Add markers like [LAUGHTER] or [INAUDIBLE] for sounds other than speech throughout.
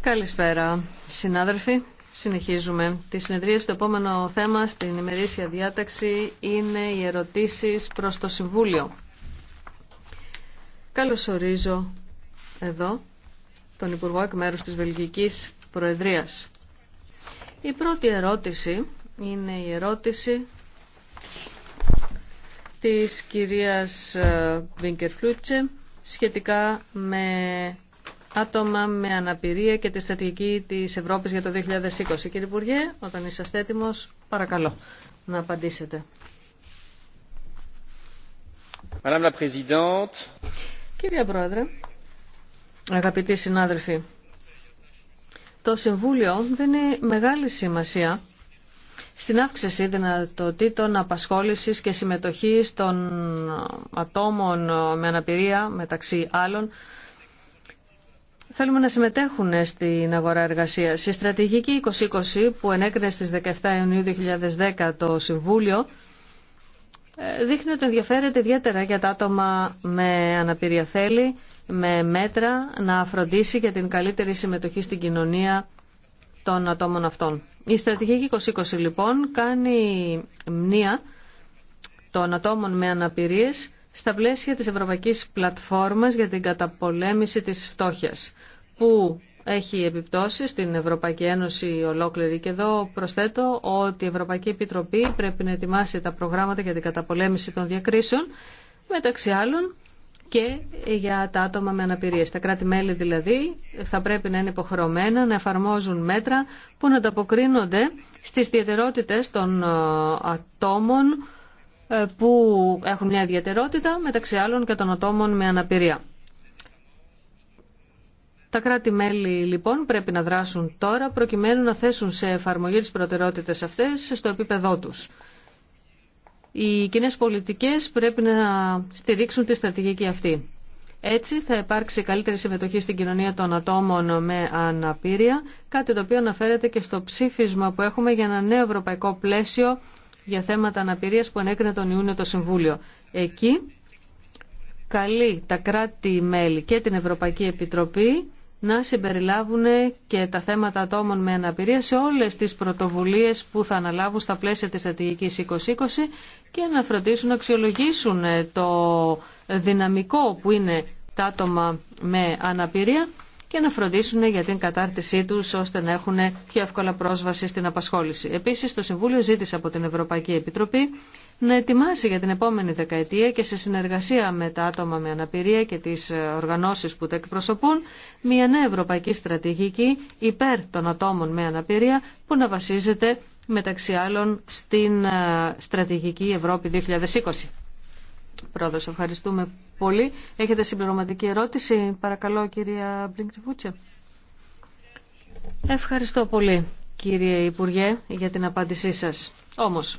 Καλησπέρα, συνάδελφοι. Συνεχίζουμε. Τη συνεδρία στο επόμενο θέμα στην ημερήσια διάταξη είναι οι ερωτήσεις προς το Συμβούλιο. Καλωσορίζω εδώ τον Υπουργό εκ μέρους της Βελγικής Προεδρίας. Η πρώτη ερώτηση είναι η ερώτηση της κυρίας Βίνκερ Φλούτσε σχετικά με άτομα με αναπηρία και τη στρατηγική της Ευρώπης για το 2020. Κύριε Υπουργέ, όταν είσαστε έτοιμος, παρακαλώ να απαντήσετε. Madame la Κύριε Πρόεδρε, αγαπητοί συνάδελφοι, το Συμβούλιο δίνει μεγάλη σημασία στην αύξηση δυνατοτήτων απασχόλησης και συμμετοχής των ατόμων με αναπηρία μεταξύ άλλων θέλουμε να συμμετέχουν στην αγορά εργασία. Η στρατηγική 2020 που ενέκρινε στις 17 Ιουνίου 2010 το Συμβούλιο ε, δείχνει ότι ενδιαφέρεται ιδιαίτερα για τα άτομα με αναπηρία θέλη, με μέτρα να φροντίσει για την καλύτερη συμμετοχή στην κοινωνία των ατόμων αυτών. Η στρατηγική 2020 λοιπόν κάνει μνήα των ατόμων με αναπηρίες στα πλαίσια της Ευρωπαϊκής Πλατφόρμας για την καταπολέμηση της φτώχειας, που έχει επιπτώσεις στην Ευρωπαϊκή Ένωση ολόκληρη. Και εδώ προσθέτω ότι η Ευρωπαϊκή Επιτροπή πρέπει να ετοιμάσει τα προγράμματα για την καταπολέμηση των διακρίσεων, μεταξύ άλλων και για τα άτομα με αναπηρία. Τα κράτη-μέλη δηλαδή θα πρέπει να είναι υποχρεωμένα να εφαρμόζουν μέτρα που να ανταποκρίνονται στις διατερότητες των ε, ατόμων ε, που έχουν μια ιδιαιτερότητα μεταξύ άλλων και των ατόμων με αναπηρία. Τα κράτη-μέλη λοιπόν πρέπει να δράσουν τώρα προκειμένου να θέσουν σε εφαρμογή τις προτεραιότητες αυτές στο επίπεδό τους. Οι κοινέ πολιτικές πρέπει να στηρίξουν τη στρατηγική αυτή. Έτσι θα υπάρξει καλύτερη συμμετοχή στην κοινωνία των ατόμων με αναπηρία, κάτι το οποίο αναφέρεται και στο ψήφισμα που έχουμε για ένα νέο ευρωπαϊκό πλαίσιο για θέματα αναπηρίας που ανέκρινε τον Ιούνιο το Συμβούλιο. Εκεί καλεί τα κράτη-μέλη και την Ευρωπαϊκή Επιτροπή να συμπεριλάβουν και τα θέματα ατόμων με αναπηρία σε όλες τις πρωτοβουλίες που θα αναλάβουν στα πλαίσια της στρατηγικής 2020 και να φροντίσουν να αξιολογήσουν το δυναμικό που είναι τα άτομα με αναπηρία και να φροντίσουν για την κατάρτισή τους ώστε να έχουν πιο εύκολα πρόσβαση στην απασχόληση. Επίσης, το Συμβούλιο ζήτησε από την Ευρωπαϊκή Επιτροπή να ετοιμάσει για την επόμενη δεκαετία και σε συνεργασία με τα άτομα με αναπηρία και τις οργανώσεις που τα εκπροσωπούν μια νέα ευρωπαϊκή στρατηγική υπέρ των ατόμων με αναπηρία που να βασίζεται μεταξύ άλλων στην ε, στρατηγική Ευρώπη 2020. Πρόεδρο, ευχαριστούμε πολύ. Έχετε συμπληρωματική ερώτηση. Παρακαλώ, κυρία Μπλίνκριβούτσε. Ευχαριστώ πολύ, κύριε Υπουργέ, για την απάντησή σας. Όμως,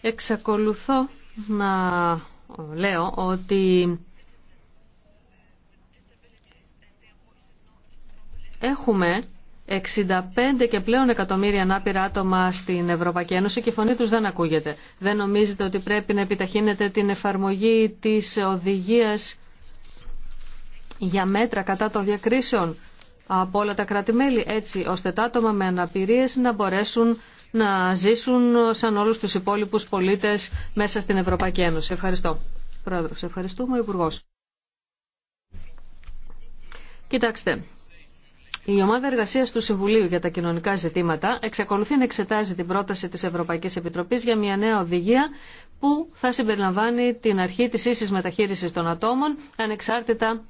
εξακολουθώ να λέω ότι έχουμε 65 και πλέον εκατομμύρια ανάπηρα άτομα στην Ευρωπαϊκή Ένωση και η φωνή τους δεν ακούγεται. Δεν νομίζετε ότι πρέπει να επιταχύνετε την εφαρμογή της οδηγίας για μέτρα κατά των διακρίσεων από όλα τα κράτη-μέλη, έτσι ώστε τα άτομα με αναπηρίες να μπορέσουν να ζήσουν σαν όλους τους υπόλοιπους πολίτες μέσα στην Ευρωπαϊκή Ένωση. Ευχαριστώ. Πρόεδρος, ευχαριστούμε. Υπουργός. Κοιτάξτε, η ομάδα εργασία του Συμβουλίου για τα κοινωνικά ζητήματα εξακολουθεί να εξετάζει την πρόταση τη Ευρωπαϊκή Επιτροπή για μια νέα οδηγία που θα συμπεριλαμβάνει την αρχή τη ίση μεταχείριση των ατόμων ανεξάρτητα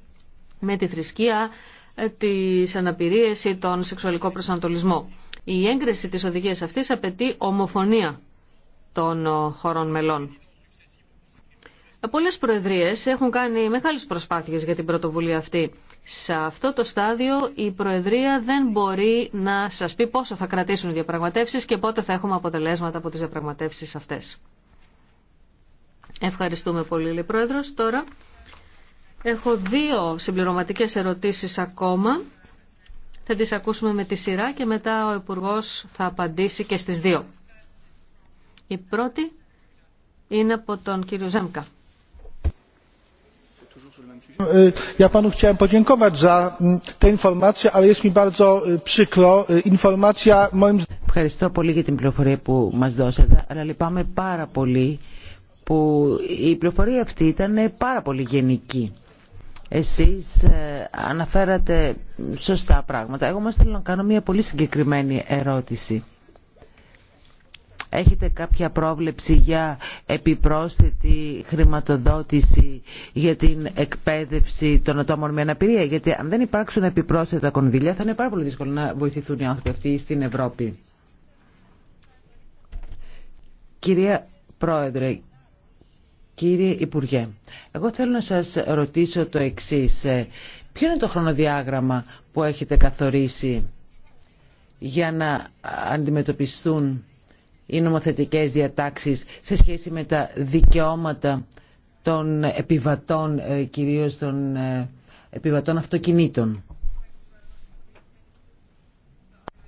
με τη θρησκεία, ε, τι αναπηρίε ή τον σεξουαλικό προσανατολισμό. Η έγκριση τη οδηγία αυτή απαιτεί ομοφωνία των ε, χωρών μελών. Πολλές προεδρίες έχουν κάνει μεγάλες προσπάθειες για την πρωτοβουλία αυτή. Σε αυτό το στάδιο η Προεδρία δεν μπορεί να σας πει πόσο θα κρατήσουν οι διαπραγματεύσεις και πότε θα έχουμε αποτελέσματα από τις διαπραγματεύσεις αυτές. Ευχαριστούμε πολύ, Λε Πρόεδρος. Τώρα έχω δύο συμπληρωματικές ερωτήσεις ακόμα. Θα τις ακούσουμε με τη σειρά και μετά ο υπουργό θα απαντήσει και στις δύο. Η πρώτη είναι από τον κύριο Ζέμκα. Ευχαριστώ πολύ για την πληροφορία που μας δώσατε, αλλά λυπάμαι πάρα πολύ που η πληροφορία αυτή ήταν πάρα πολύ γενική. Εσείς ε, αναφέρατε σωστά πράγματα. Εγώ όμως θέλω να κάνω μια πολύ συγκεκριμένη ερώτηση. Έχετε κάποια πρόβλεψη για επιπρόσθετη χρηματοδότηση για την εκπαίδευση των ατόμων με αναπηρία. Γιατί αν δεν υπάρξουν επιπρόσθετα κονδύλια θα είναι πάρα πολύ δύσκολο να βοηθηθούν οι άνθρωποι αυτοί στην Ευρώπη. Κυρία Πρόεδρε, κύριε Υπουργέ, εγώ θέλω να σας ρωτήσω το εξής. Ποιο είναι το χρονοδιάγραμμα που έχετε καθορίσει για να αντιμετωπιστούν οι νομοθετικές διατάξεις σε σχέση με τα δικαιώματα των επιβατών, ε, κυρίως των ε, επιβατών αυτοκινήτων.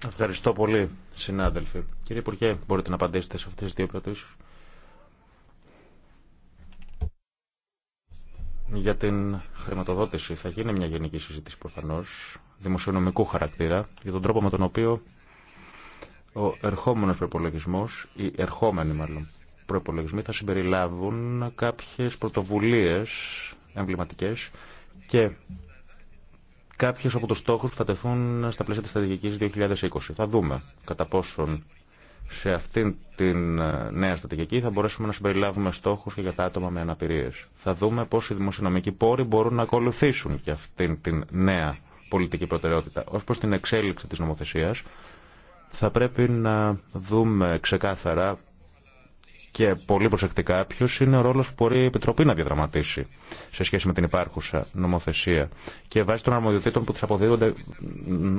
Ευχαριστώ πολύ, συνάδελφοι. Κύριε Υπουργέ, μπορείτε να απαντήσετε σε αυτές τις δύο ερωτήσεις. Για την χρηματοδότηση θα γίνει μια γενική συζήτηση προφανώς, δημοσιονομικού χαρακτήρα, για τον τρόπο με τον οποίο ο ερχόμενος προπολογισμό, οι ερχόμενοι μάλλον προπολογισμοί θα συμπεριλάβουν κάποιες πρωτοβουλίες εμβληματικές και κάποιες από τους στόχους που θα τεθούν στα πλαίσια της στρατηγικής 2020. Θα δούμε κατά πόσον σε αυτήν την ε, νέα στρατηγική θα μπορέσουμε να συμπεριλάβουμε στόχους και για τα άτομα με αναπηρίες. Θα δούμε πώς οι δημοσιονομικοί πόροι μπορούν να ακολουθήσουν και αυτήν την νέα πολιτική προτεραιότητα. Ως προς την εξέλιξη της νομοθεσίας, θα πρέπει να δούμε ξεκάθαρα και πολύ προσεκτικά ποιο είναι ο ρόλο που μπορεί η Επιτροπή να διαδραματίσει σε σχέση με την υπάρχουσα νομοθεσία και βάσει των αρμοδιοτήτων που τη αποδίδονται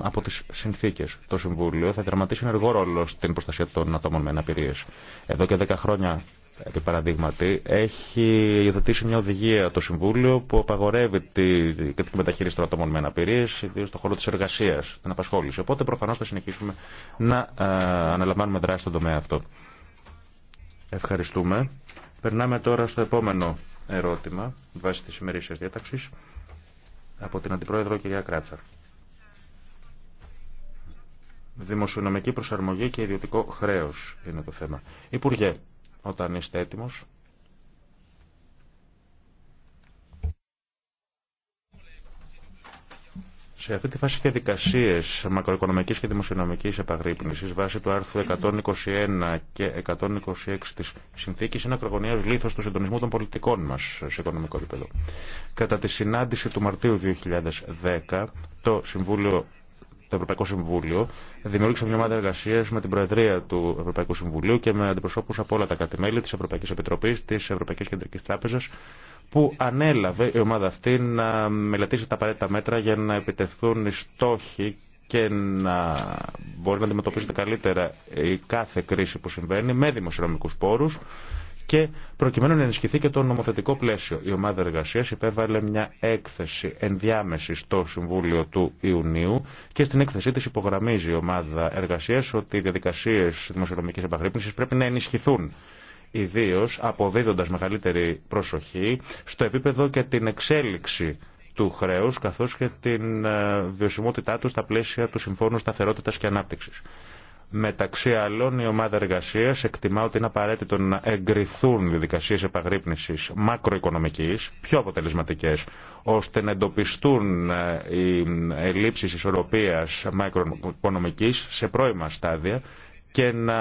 από τι συνθήκε. Το Συμβούλιο θα διαδραματίσει ενεργό ρόλο στην προστασία των ατόμων με αναπηρίε. Εδώ και δέκα χρόνια επί παραδείγματι, έχει υιοθετήσει μια οδηγία το Συμβούλιο που απαγορεύει τη κριτική μεταχείριση των ατόμων με αναπηρίε, ιδίω στον χώρο τη εργασία, την απασχόληση. Οπότε προφανώ θα συνεχίσουμε να ε, αναλαμβάνουμε δράση στον τομέα αυτό. Ευχαριστούμε. Περνάμε τώρα στο επόμενο ερώτημα βάσει τη ημερήσια διάταξη από την Αντιπρόεδρο κυρία Κράτσαρ. Δημοσιονομική προσαρμογή και ιδιωτικό χρέο είναι το θέμα. Υπουργέ, όταν είστε έτοιμος. Σε αυτή τη φάση διαδικασίε μακροοικονομικής και δημοσιονομικής επαγρύπνησης βάσει του άρθρου 121 και 126 της Συνθήκης είναι ακρογωνιαίο λήθο του συντονισμού των πολιτικών μας σε οικονομικό επίπεδο. Κατά τη συνάντηση του Μαρτίου 2010, το Συμβούλιο το Ευρωπαϊκό Συμβούλιο. Δημιούργησα μια ομάδα εργασία με την Προεδρία του Ευρωπαϊκού Συμβουλίου και με αντιπροσώπου από όλα τα κράτη-μέλη τη Ευρωπαϊκή Επιτροπή, τη Ευρωπαϊκή Κεντρική Τράπεζα, που ανέλαβε η ομάδα αυτή να μελετήσει τα απαραίτητα μέτρα για να επιτεθούν οι στόχοι και να μπορεί να αντιμετωπίζεται καλύτερα η κάθε κρίση που συμβαίνει με δημοσιονομικούς πόρους και προκειμένου να ενισχυθεί και το νομοθετικό πλαίσιο. Η ομάδα εργασία υπέβαλε μια έκθεση ενδιάμεση στο Συμβούλιο του Ιουνίου και στην έκθεσή τη υπογραμμίζει η ομάδα εργασία ότι οι διαδικασίε δημοσιονομική επαγρύπνηση πρέπει να ενισχυθούν ιδίω αποδίδοντας μεγαλύτερη προσοχή στο επίπεδο και την εξέλιξη του χρέους καθώς και την ε, βιωσιμότητά του στα πλαίσια του Συμφώνου Σταθερότητας και Ανάπτυξης. Μεταξύ άλλων, η ομάδα εργασία εκτιμά ότι είναι απαραίτητο να εγκριθούν διαδικασίε επαγρύπνηση μακροοικονομική, πιο αποτελεσματικέ, ώστε να εντοπιστούν ε, οι ελλείψει ισορροπία μακροοικονομική σε πρώιμα στάδια και να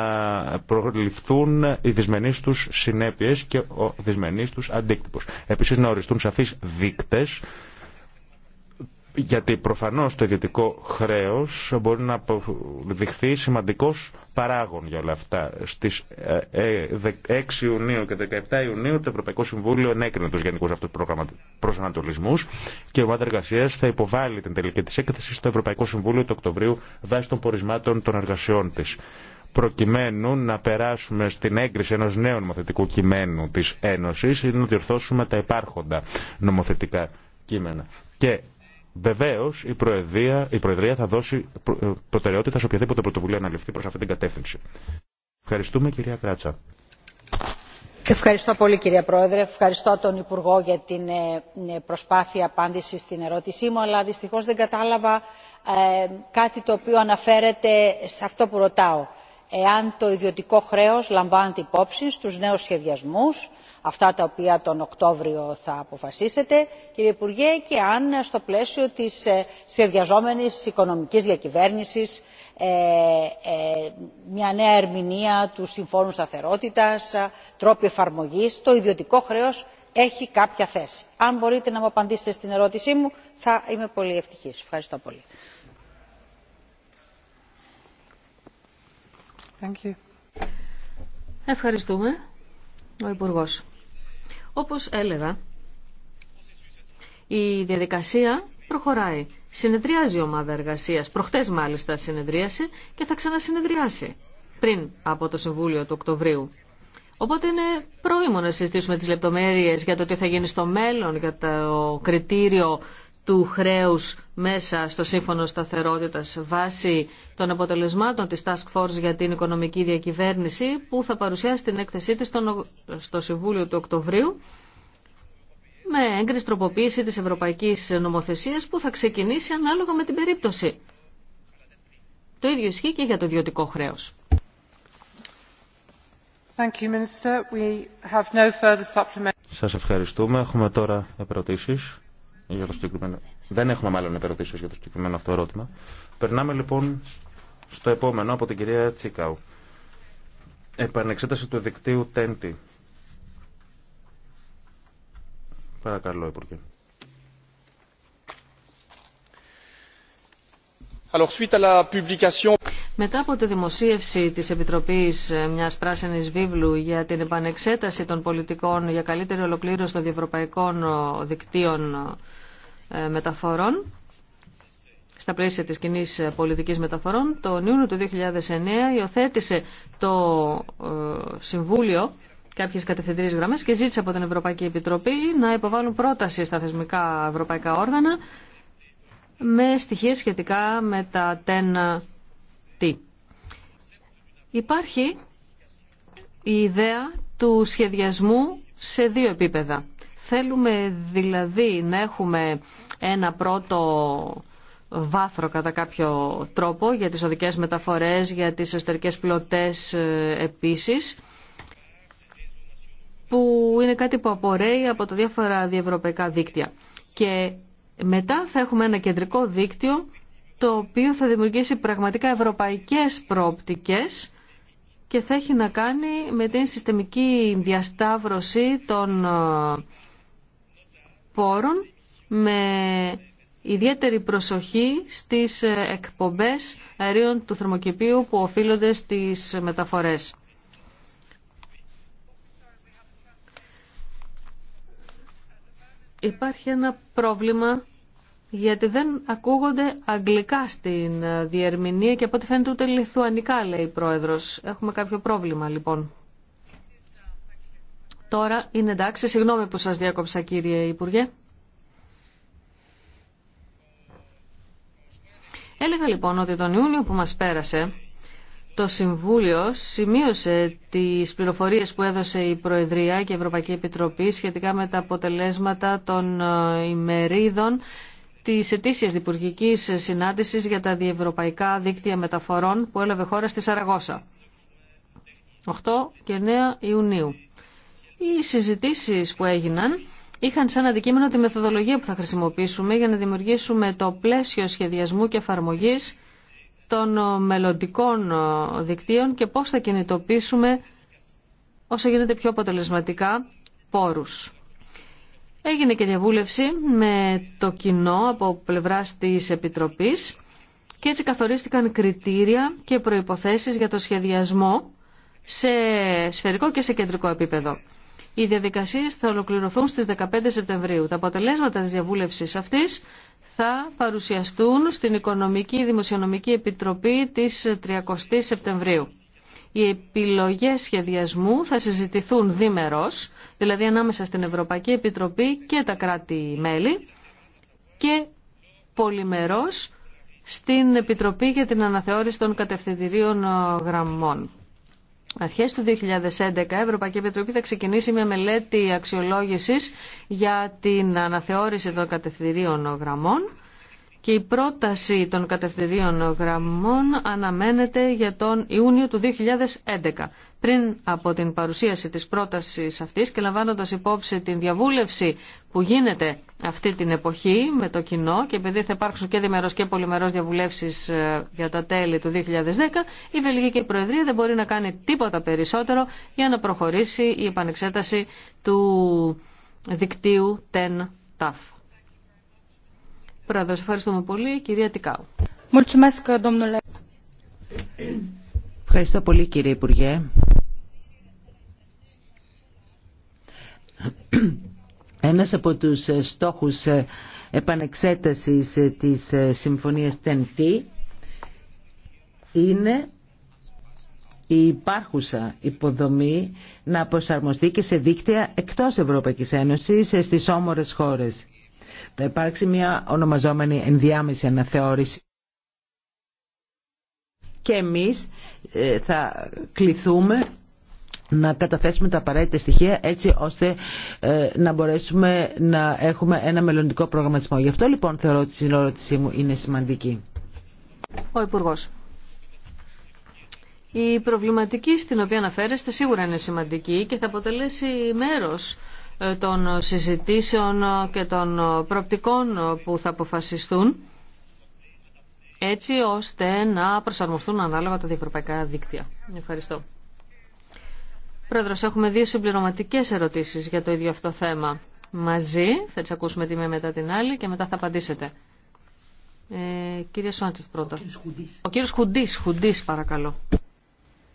προληφθούν οι δυσμενείς τους συνέπειες και ο δυσμενείς τους αντίκτυπο Επίσης να οριστούν σαφεί δείκτε γιατί προφανώς το ιδιωτικό χρέος μπορεί να δειχθεί σημαντικός παράγων για όλα αυτά. Στις 6 ε, ε, Ιουνίου και 17 Ιουνίου το Ευρωπαϊκό Συμβούλιο ενέκρινε τους γενικούς αυτούς προσανατολισμούς και η ομάδα εργασία θα υποβάλει την τελική της έκθεση στο Ευρωπαϊκό Συμβούλιο του Οκτωβρίου βάσει των πορισμάτων των εργασιών της προκειμένου να περάσουμε στην έγκριση ενός νέου νομοθετικού κειμένου της Ένωσης ή να διορθώσουμε τα υπάρχοντα νομοθετικά κείμενα. Και Βεβαίω, η, Προεδρία, η Προεδρία θα δώσει ε, προτεραιότητα σε οποιαδήποτε πρωτοβουλία ληφθεί προ αυτή την κατεύθυνση. Ευχαριστούμε, κυρία Κράτσα. Ευχαριστώ πολύ, κυρία Πρόεδρε. Ευχαριστώ τον Υπουργό για την ε, ε, προσπάθεια απάντηση στην ερώτησή μου, αλλά δυστυχώ δεν κατάλαβα κάτι το οποίο αναφέρεται σε αυτό που ρωτάω εάν το ιδιωτικό χρέο λαμβάνεται υπόψη στους νέου σχεδιασμού, αυτά τα οποία τον οκτώβριο θα αποφασίσετε κύριε υπουργέ και αν στο πλαίσιο της ε, σχεδιαζόμενης οικονομικής διακυβέρνησης ε, ε, μια νέα ερμηνεία του συμφώνου σταθερότητα, τρόποι εφαρμογή, το ιδιωτικό χρέο έχει κάποια θέση. αν μπορείτε να μου απαντήσετε στην ερώτησή μου θα είμαι πολύ ευτυχής. ευχαριστώ πολύ. Ευχαριστούμε, ο υπουργό. Όπως έλεγα, η διαδικασία προχωράει. Συνεδριάζει η ομάδα εργασίας, προχτές μάλιστα συνεδρίασε και θα ξανασυνεδριάσει πριν από το Συμβούλιο του Οκτωβρίου. Οπότε είναι πρόημο να συζητήσουμε τις λεπτομέρειες για το τι θα γίνει στο μέλλον, για το κριτήριο του χρέους μέσα στο Σύμφωνο Σταθερότητας βάσει των αποτελεσμάτων της Task Force για την Οικονομική Διακυβέρνηση που θα παρουσιάσει την έκθεσή της στο Συμβούλιο του Οκτωβρίου με έγκριση τροποποίηση της Ευρωπαϊκής Νομοθεσίας που θα ξεκινήσει ανάλογα με την περίπτωση. Το ίδιο ισχύει και για το ιδιωτικό χρέος. Thank Σας ευχαριστούμε. Έχουμε τώρα ερωτήσεις για το συγκεκριμένο. Δεν έχουμε μάλλον επερωτήσει για το συγκεκριμένο αυτό ερώτημα. Περνάμε λοιπόν στο επόμενο από την κυρία Τσίκαου. Επανεξέταση του δικτύου Τέντη. Παρακαλώ, Υπουργέ. Μετά από τη δημοσίευση της Επιτροπής ε, μιας πράσινης βίβλου για την επανεξέταση των πολιτικών για καλύτερη ολοκλήρωση των διευρωπαϊκών ε, δικτύων ε, ε, μεταφορών στα πλαίσια της κοινή πολιτικής μεταφορών, τον Ιούνιο του 2009 υιοθέτησε το ε, Συμβούλιο κάποιε κατευθυντήριε γραμμέ και ζήτησε από την Ευρωπαϊκή Επιτροπή να υποβάλουν πρόταση στα θεσμικά ευρωπαϊκά όργανα με στοιχεία σχετικά με τα TEN-T. Υπάρχει η ιδέα του σχεδιασμού σε δύο επίπεδα. Θέλουμε δηλαδή να έχουμε ένα πρώτο βάθρο κατά κάποιο τρόπο για τις οδικές μεταφορές, για τις εσωτερικές πλωτές ε, επίσης που είναι κάτι που απορρέει από τα διάφορα διευρωπαϊκά δίκτυα. Και μετά θα έχουμε ένα κεντρικό δίκτυο το οποίο θα δημιουργήσει πραγματικά ευρωπαϊκές προοπτικές και θα έχει να κάνει με την συστημική διασταύρωση των ε, πόρων με ιδιαίτερη προσοχή στις εκπομπές αερίων του θερμοκηπίου που οφείλονται στις μεταφορές. Υπάρχει ένα πρόβλημα γιατί δεν ακούγονται αγγλικά στην διερμηνία και από ό,τι φαίνεται ούτε λιθουανικά λέει η πρόεδρος. Έχουμε κάποιο πρόβλημα λοιπόν. Τώρα είναι εντάξει. Συγγνώμη που σας διάκοψα κύριε Υπουργέ. Έλεγα λοιπόν ότι τον Ιούνιο που μας πέρασε το Συμβούλιο σημείωσε τις πληροφορίες που έδωσε η Προεδρία και η Ευρωπαϊκή Επιτροπή σχετικά με τα αποτελέσματα των ε, ημερίδων της ετήσιας διπουργικής συνάντησης για τα διευρωπαϊκά δίκτυα μεταφορών που έλαβε χώρα στη Σαραγώσα. 8 και 9 Ιουνίου. Οι συζητήσεις που έγιναν είχαν σαν αντικείμενο τη μεθοδολογία που θα χρησιμοποιήσουμε για να δημιουργήσουμε το πλαίσιο σχεδιασμού και εφαρμογή των μελλοντικών δικτύων και πώς θα κινητοποιήσουμε όσο γίνεται πιο αποτελεσματικά πόρους. Έγινε και διαβούλευση με το κοινό από πλευράς της Επιτροπής και έτσι καθορίστηκαν κριτήρια και προϋποθέσεις για το σχεδιασμό σε σφαιρικό και σε κεντρικό επίπεδο. Οι διαδικασίε θα ολοκληρωθούν στι 15 Σεπτεμβρίου. Τα αποτελέσματα τη διαβούλευση αυτή θα παρουσιαστούν στην Οικονομική Δημοσιονομική Επιτροπή τη 30 Σεπτεμβρίου. Οι επιλογές σχεδιασμού θα συζητηθούν δίμερο, δηλαδή ανάμεσα στην Ευρωπαϊκή Επιτροπή και τα κράτη-μέλη και πολυμερός στην Επιτροπή για την Αναθεώρηση των Κατευθυντηρίων Γραμμών αρχές του 2011 η Ευρωπαϊκή Επιτροπή θα ξεκινήσει μια μελέτη αξιολόγησης για την αναθεώρηση των κατευθυντήριων γραμμών και η πρόταση των κατευθυντήριων γραμμών αναμένεται για τον Ιούνιο του 2011 πριν από την παρουσίαση της πρότασης αυτής και λαμβάνοντας υπόψη την διαβούλευση που γίνεται αυτή την εποχή με το κοινό και επειδή θα υπάρξουν και διμερός και πολυμερός διαβουλεύσεις ε, για τα τέλη του 2010, η Βελγική Προεδρία δεν μπορεί να κάνει τίποτα περισσότερο για να προχωρήσει η επανεξέταση του δικτύου TEN-TAF. Πρόεδρος, ευχαριστούμε πολύ. Κυρία Τικάου. Ευχαριστώ πολύ κύριε Υπουργέ. Ένας από τους ε, στόχους ε, επανεξέτασης ε, της συμφωνίας TNT είναι η υπάρχουσα υποδομή να προσαρμοστεί και σε δίκτυα εκτός Ευρωπαϊκής Ένωσης στις όμορες χώρες. Θα υπάρξει μια ονομαζόμενη ενδιάμεση αναθεώρηση και εμείς θα κληθούμε να καταθέσουμε τα απαραίτητα στοιχεία έτσι ώστε ε, να μπορέσουμε να έχουμε ένα μελλοντικό προγραμματισμό. Γι' αυτό λοιπόν θεωρώ ότι η συνόρωτησή μου είναι σημαντική. Ο Υπουργός. Η προβληματική στην οποία αναφέρεστε σίγουρα είναι σημαντική και θα αποτελέσει μέρος ε, των συζητήσεων και των προοπτικών που θα αποφασιστούν έτσι ώστε να προσαρμοστούν ανάλογα τα διευρωπαϊκά δίκτυα. Ευχαριστώ. Πρόεδρος, έχουμε δύο συμπληρωματικές ερωτήσεις για το ίδιο αυτό θέμα. Μαζί, θα τις ακούσουμε τη μία μετά την άλλη και μετά θα απαντήσετε. Ε, κύριε Σουάντσεφ πρώτα. Ο κύριος Χουντής, Χουντής παρακαλώ.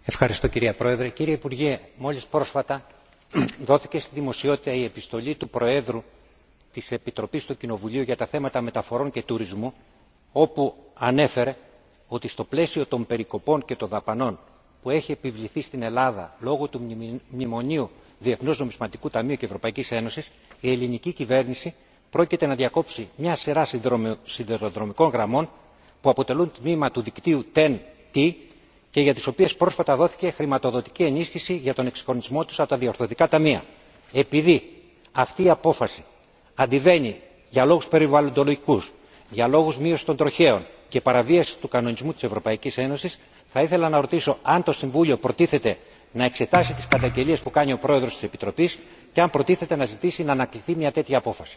Ευχαριστώ κυρία Πρόεδρε. Κύριε Υπουργέ, μόλις πρόσφατα δόθηκε στη δημοσιότητα η επιστολή του Προέδρου της Επιτροπής του Κοινοβουλίου για τα θέματα μεταφορών και τουρισμού, όπου ανέφερε ότι στο πλαίσιο των περικοπών και των δαπανών που έχει επιβληθεί στην Ελλάδα λόγω του Μνημονίου Διεθνού Νομισματικού Ταμείου και Ευρωπαϊκή Ένωση, η ελληνική κυβέρνηση πρόκειται να διακόψει μια σειρά σιδηροδρομικών γραμμών που αποτελούν τμήμα του δικτύου TEN-T και για τι οποίε πρόσφατα δόθηκε χρηματοδοτική ενίσχυση για τον εξυγχρονισμό του από τα διορθωτικά ταμεία. Επειδή αυτή η απόφαση αντιβαίνει για λόγου περιβαλλοντολογικού, για λόγου μείωση των τροχαίων, και παραβίαση του κανονισμού της ευρωπαϊκής ένωσης θα ήθελα να ρωτήσω αν το συμβούλιο προτίθεται να εξετάσει τις καταγγελίες που κάνει ο πρόεδρος της επιτροπής και αν προτίθεται να ζητήσει να ανακληθεί μια τέτοια απόφαση.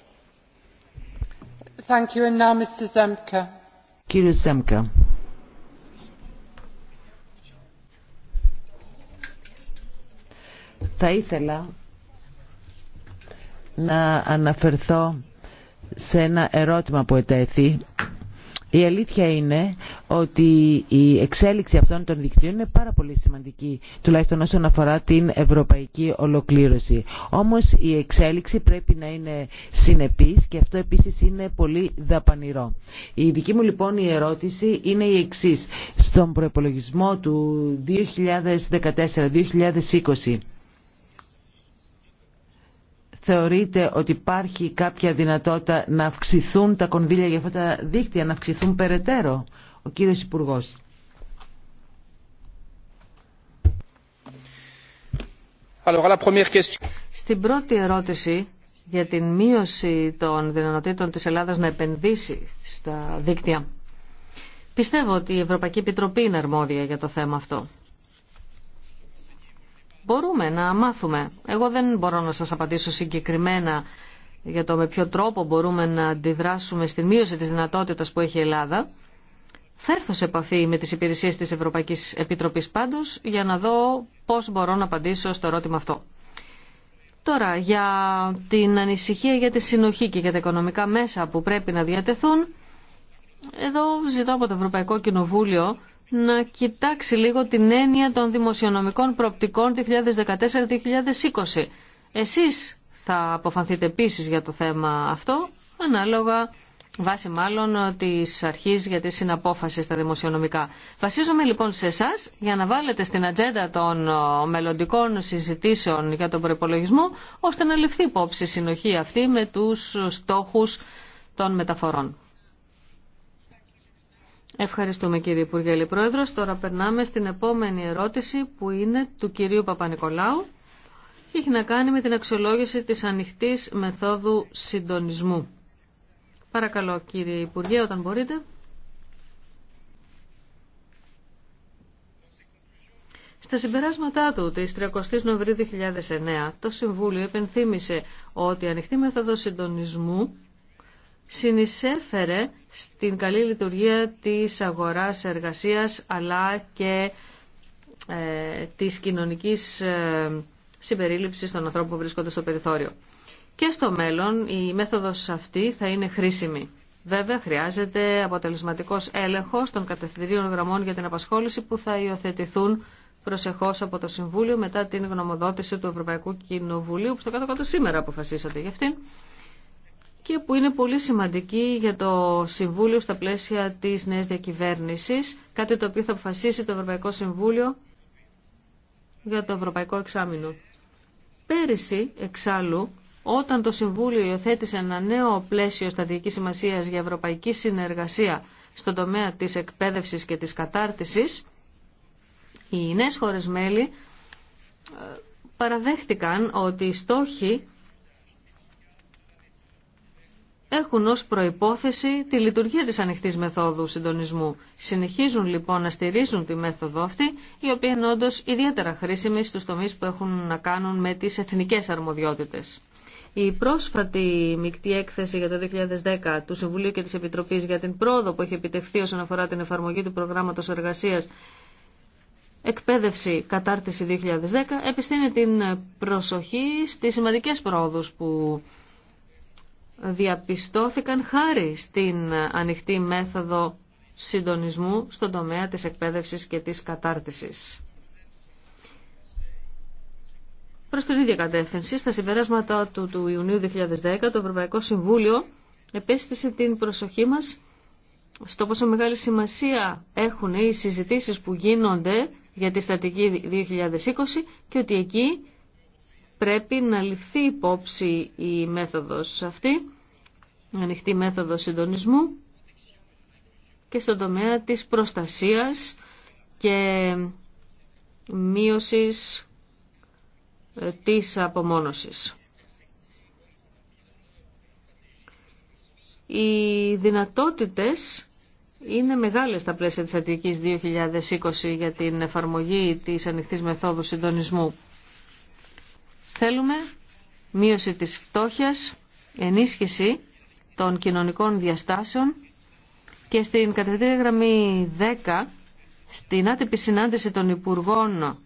Κύριε Θα ήθελα να αναφερθώ σε ένα ερώτημα που ετέθη η αλήθεια είναι ότι η εξέλιξη αυτών των δικτύων είναι πάρα πολύ σημαντική, τουλάχιστον όσον αφορά την ευρωπαϊκή ολοκλήρωση. Όμως η εξέλιξη πρέπει να είναι συνεπής και αυτό επίσης είναι πολύ δαπανηρό. Η δική μου λοιπόν η ερώτηση είναι η εξής. Στον προπολογισμό του 2014-2020 Θεωρείτε ότι υπάρχει κάποια δυνατότητα να αυξηθούν τα κονδύλια για αυτά τα δίκτυα, να αυξηθούν περαιτέρω. Ο κύριος Υπουργό. Στην πρώτη ερώτηση για την μείωση των δυνατοτήτων της Ελλάδας να επενδύσει στα δίκτυα. Πιστεύω ότι η Ευρωπαϊκή Επιτροπή είναι αρμόδια για το θέμα αυτό μπορούμε να μάθουμε. Εγώ δεν μπορώ να σας απαντήσω συγκεκριμένα για το με ποιο τρόπο μπορούμε να αντιδράσουμε στη μείωση της δυνατότητας που έχει η Ελλάδα. Θα έρθω σε επαφή με τις υπηρεσίες της Ευρωπαϊκής Επιτροπής πάντως για να δω πώς μπορώ να απαντήσω στο ερώτημα αυτό. Τώρα, για την ανησυχία για τη συνοχή και για τα οικονομικά μέσα που πρέπει να διατεθούν, εδώ ζητώ από το Ευρωπαϊκό Κοινοβούλιο να κοιτάξει λίγο την έννοια των δημοσιονομικών προοπτικών 2014-2020. Εσείς θα αποφανθείτε επίσης για το θέμα αυτό, ανάλογα βάσει μάλλον της αρχής για τη συναπόφαση στα δημοσιονομικά. Βασίζομαι λοιπόν σε εσά για να βάλετε στην ατζέντα των μελλοντικών συζητήσεων για τον προπολογισμό, ώστε να ληφθεί υπόψη η συνοχή αυτή με τους στόχους των μεταφορών. Ευχαριστούμε κύριε Υπουργέ, Πρόεδρος. Τώρα περνάμε στην επόμενη ερώτηση που είναι του κυρίου Παπα-Νικολάου και έχει να κάνει με την αξιολόγηση της ανοιχτής μεθόδου συντονισμού. Παρακαλώ κύριε Υπουργέ όταν μπορείτε. Στα συμπεράσματά του τη 30 Νοεμβρίου 2009, το Συμβούλιο επενθύμησε ότι η ανοιχτή μεθόδο συντονισμού συνεισέφερε στην καλή λειτουργία της αγοράς εργασίας αλλά και ε, της κοινωνικής ε, συμπερίληψης των ανθρώπων που βρίσκονται στο περιθώριο. Και στο μέλλον η μέθοδος αυτή θα είναι χρήσιμη. Βέβαια, χρειάζεται αποτελεσματικός έλεγχος των κατευθυντήριων γραμμών για την απασχόληση που θα υιοθετηθούν προσεχώς από το Συμβούλιο μετά την γνωμοδότηση του Ευρωπαϊκού Κοινοβουλίου που στο κάτω-κάτω σήμερα αποφασίσατε γι' αυτήν και που είναι πολύ σημαντική για το Συμβούλιο στα πλαίσια της νέας διακυβέρνησης, κάτι το οποίο θα αποφασίσει το Ευρωπαϊκό Συμβούλιο για το Ευρωπαϊκό Εξάμεινο. Πέρυσι, εξάλλου, όταν το Συμβούλιο υιοθέτησε ένα νέο πλαίσιο στατικής σημασίας για ευρωπαϊκή συνεργασία στον τομέα της εκπαίδευσης και της κατάρτισης, οι νέες χώρες μέλη ε, παραδέχτηκαν ότι οι στόχοι έχουν ως προϋπόθεση τη λειτουργία της ανοιχτής μεθόδου συντονισμού. Συνεχίζουν λοιπόν να στηρίζουν τη μέθοδο αυτή, η οποία είναι όντως ιδιαίτερα χρήσιμη στους τομείς που έχουν να κάνουν με τις εθνικές αρμοδιότητες. Η πρόσφατη μεικτή έκθεση για το 2010 του Συμβουλίου και της Επιτροπής για την πρόοδο που έχει επιτευχθεί όσον αφορά την εφαρμογή του προγράμματος εργασίας Εκπαίδευση κατάρτιση 2010 επιστήνει την προσοχή στις σημαντικές πρόοδους που διαπιστώθηκαν χάρη στην ανοιχτή μέθοδο συντονισμού στον τομέα της εκπαίδευσης και της κατάρτισης. Προς την ίδια κατεύθυνση, στα συμπεράσματα του, του Ιουνίου 2010, το Ευρωπαϊκό Συμβούλιο επέστησε την προσοχή μας στο πόσο μεγάλη σημασία έχουν οι συζητήσεις που γίνονται για τη στρατηγική 2020 και ότι εκεί πρέπει να ληφθεί υπόψη η μέθοδος αυτή, η ανοιχτή μέθοδος συντονισμού και στον τομέα της προστασίας και μείωσης ε, της απομόνωσης. Οι δυνατότητες είναι μεγάλες στα πλαίσια της Αττικής 2020 για την εφαρμογή της ανοιχτής μεθόδου συντονισμού. Θέλουμε μείωση της φτώχειας, ενίσχυση των κοινωνικών διαστάσεων και στην κατευθυντήρια γραμμή 10, στην άτυπη συνάντηση των Υπουργών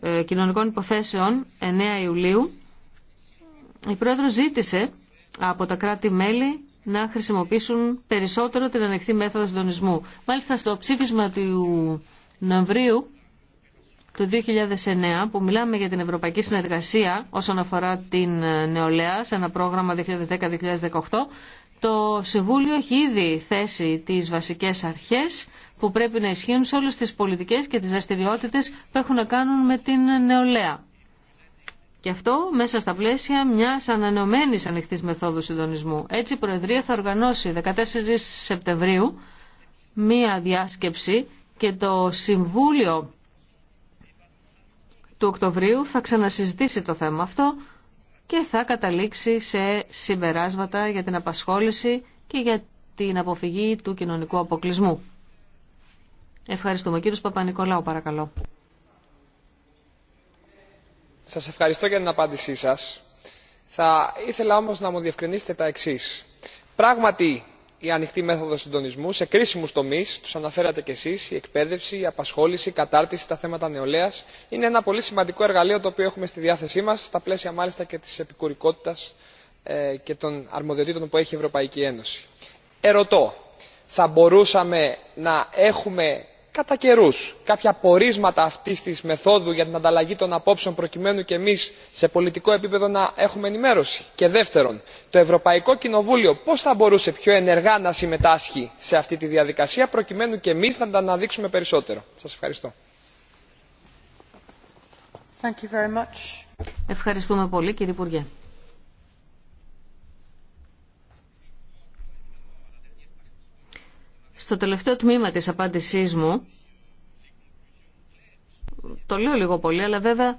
ε, Κοινωνικών Υποθέσεων 9 Ιουλίου, η Πρόεδρος ζήτησε από τα κράτη-μέλη να χρησιμοποιήσουν περισσότερο την ανοιχτή μέθοδο συντονισμού. Μάλιστα στο ψήφισμα του Νοεμβρίου το 2009 που μιλάμε για την Ευρωπαϊκή Συνεργασία όσον αφορά την ε, νεολαία σε ένα πρόγραμμα 2010-2018, το Συμβούλιο έχει ήδη θέσει τις βασικές αρχές που πρέπει να ισχύουν σε όλες τις πολιτικές και τις δραστηριότητε που έχουν να κάνουν με την νεολαία. Και αυτό μέσα στα πλαίσια μια ανανεωμένης ανοιχτή μεθόδου συντονισμού. Έτσι, η Προεδρία θα οργανώσει 14 Σεπτεμβρίου μία διάσκεψη και το Συμβούλιο του Οκτωβρίου θα ξανασυζητήσει το θέμα αυτό και θα καταλήξει σε συμπεράσματα για την απασχόληση και για την αποφυγή του κοινωνικού αποκλεισμού. κύριο Κύριος Παπα-Νικολάου, παρακαλώ. Σας ευχαριστώ για την απάντησή σας. Θα ήθελα όμως να μου διευκρινίσετε τα εξής. Πράγματι, η ανοιχτή μέθοδο συντονισμού σε κρίσιμου τομεί του αναφέρατε κι εσεί η εκπαίδευση η απασχόληση η κατάρτιση τα θέματα νεολαία είναι ένα πολύ σημαντικό εργαλείο το οποίο έχουμε στη διάθεσή μα στα πλαίσια μάλιστα και τη επικουρικότητα ε, και των αρμοδιοτήτων που έχει η ευρωπαϊκή ένωση. ερωτώ θα μπορούσαμε να έχουμε κατά καιρού κάποια πορίσματα αυτή τη μεθόδου για την ανταλλαγή των απόψεων προκειμένου και εμεί σε πολιτικό επίπεδο να έχουμε ενημέρωση. και δεύτερον το ευρωπαϊκό κοινοβούλιο πώ θα μπορούσε πιο ενεργά να συμμετάσχει σε αυτή τη διαδικασία προκειμένου και εμεί να τα αναδείξουμε περισσότερο. σα ευχαριστώ. Ευχαριστούμε πολύ κύριε Υπουργέ. Στο τελευταίο τμήμα της απάντησής μου, το λέω λίγο πολύ, αλλά βέβαια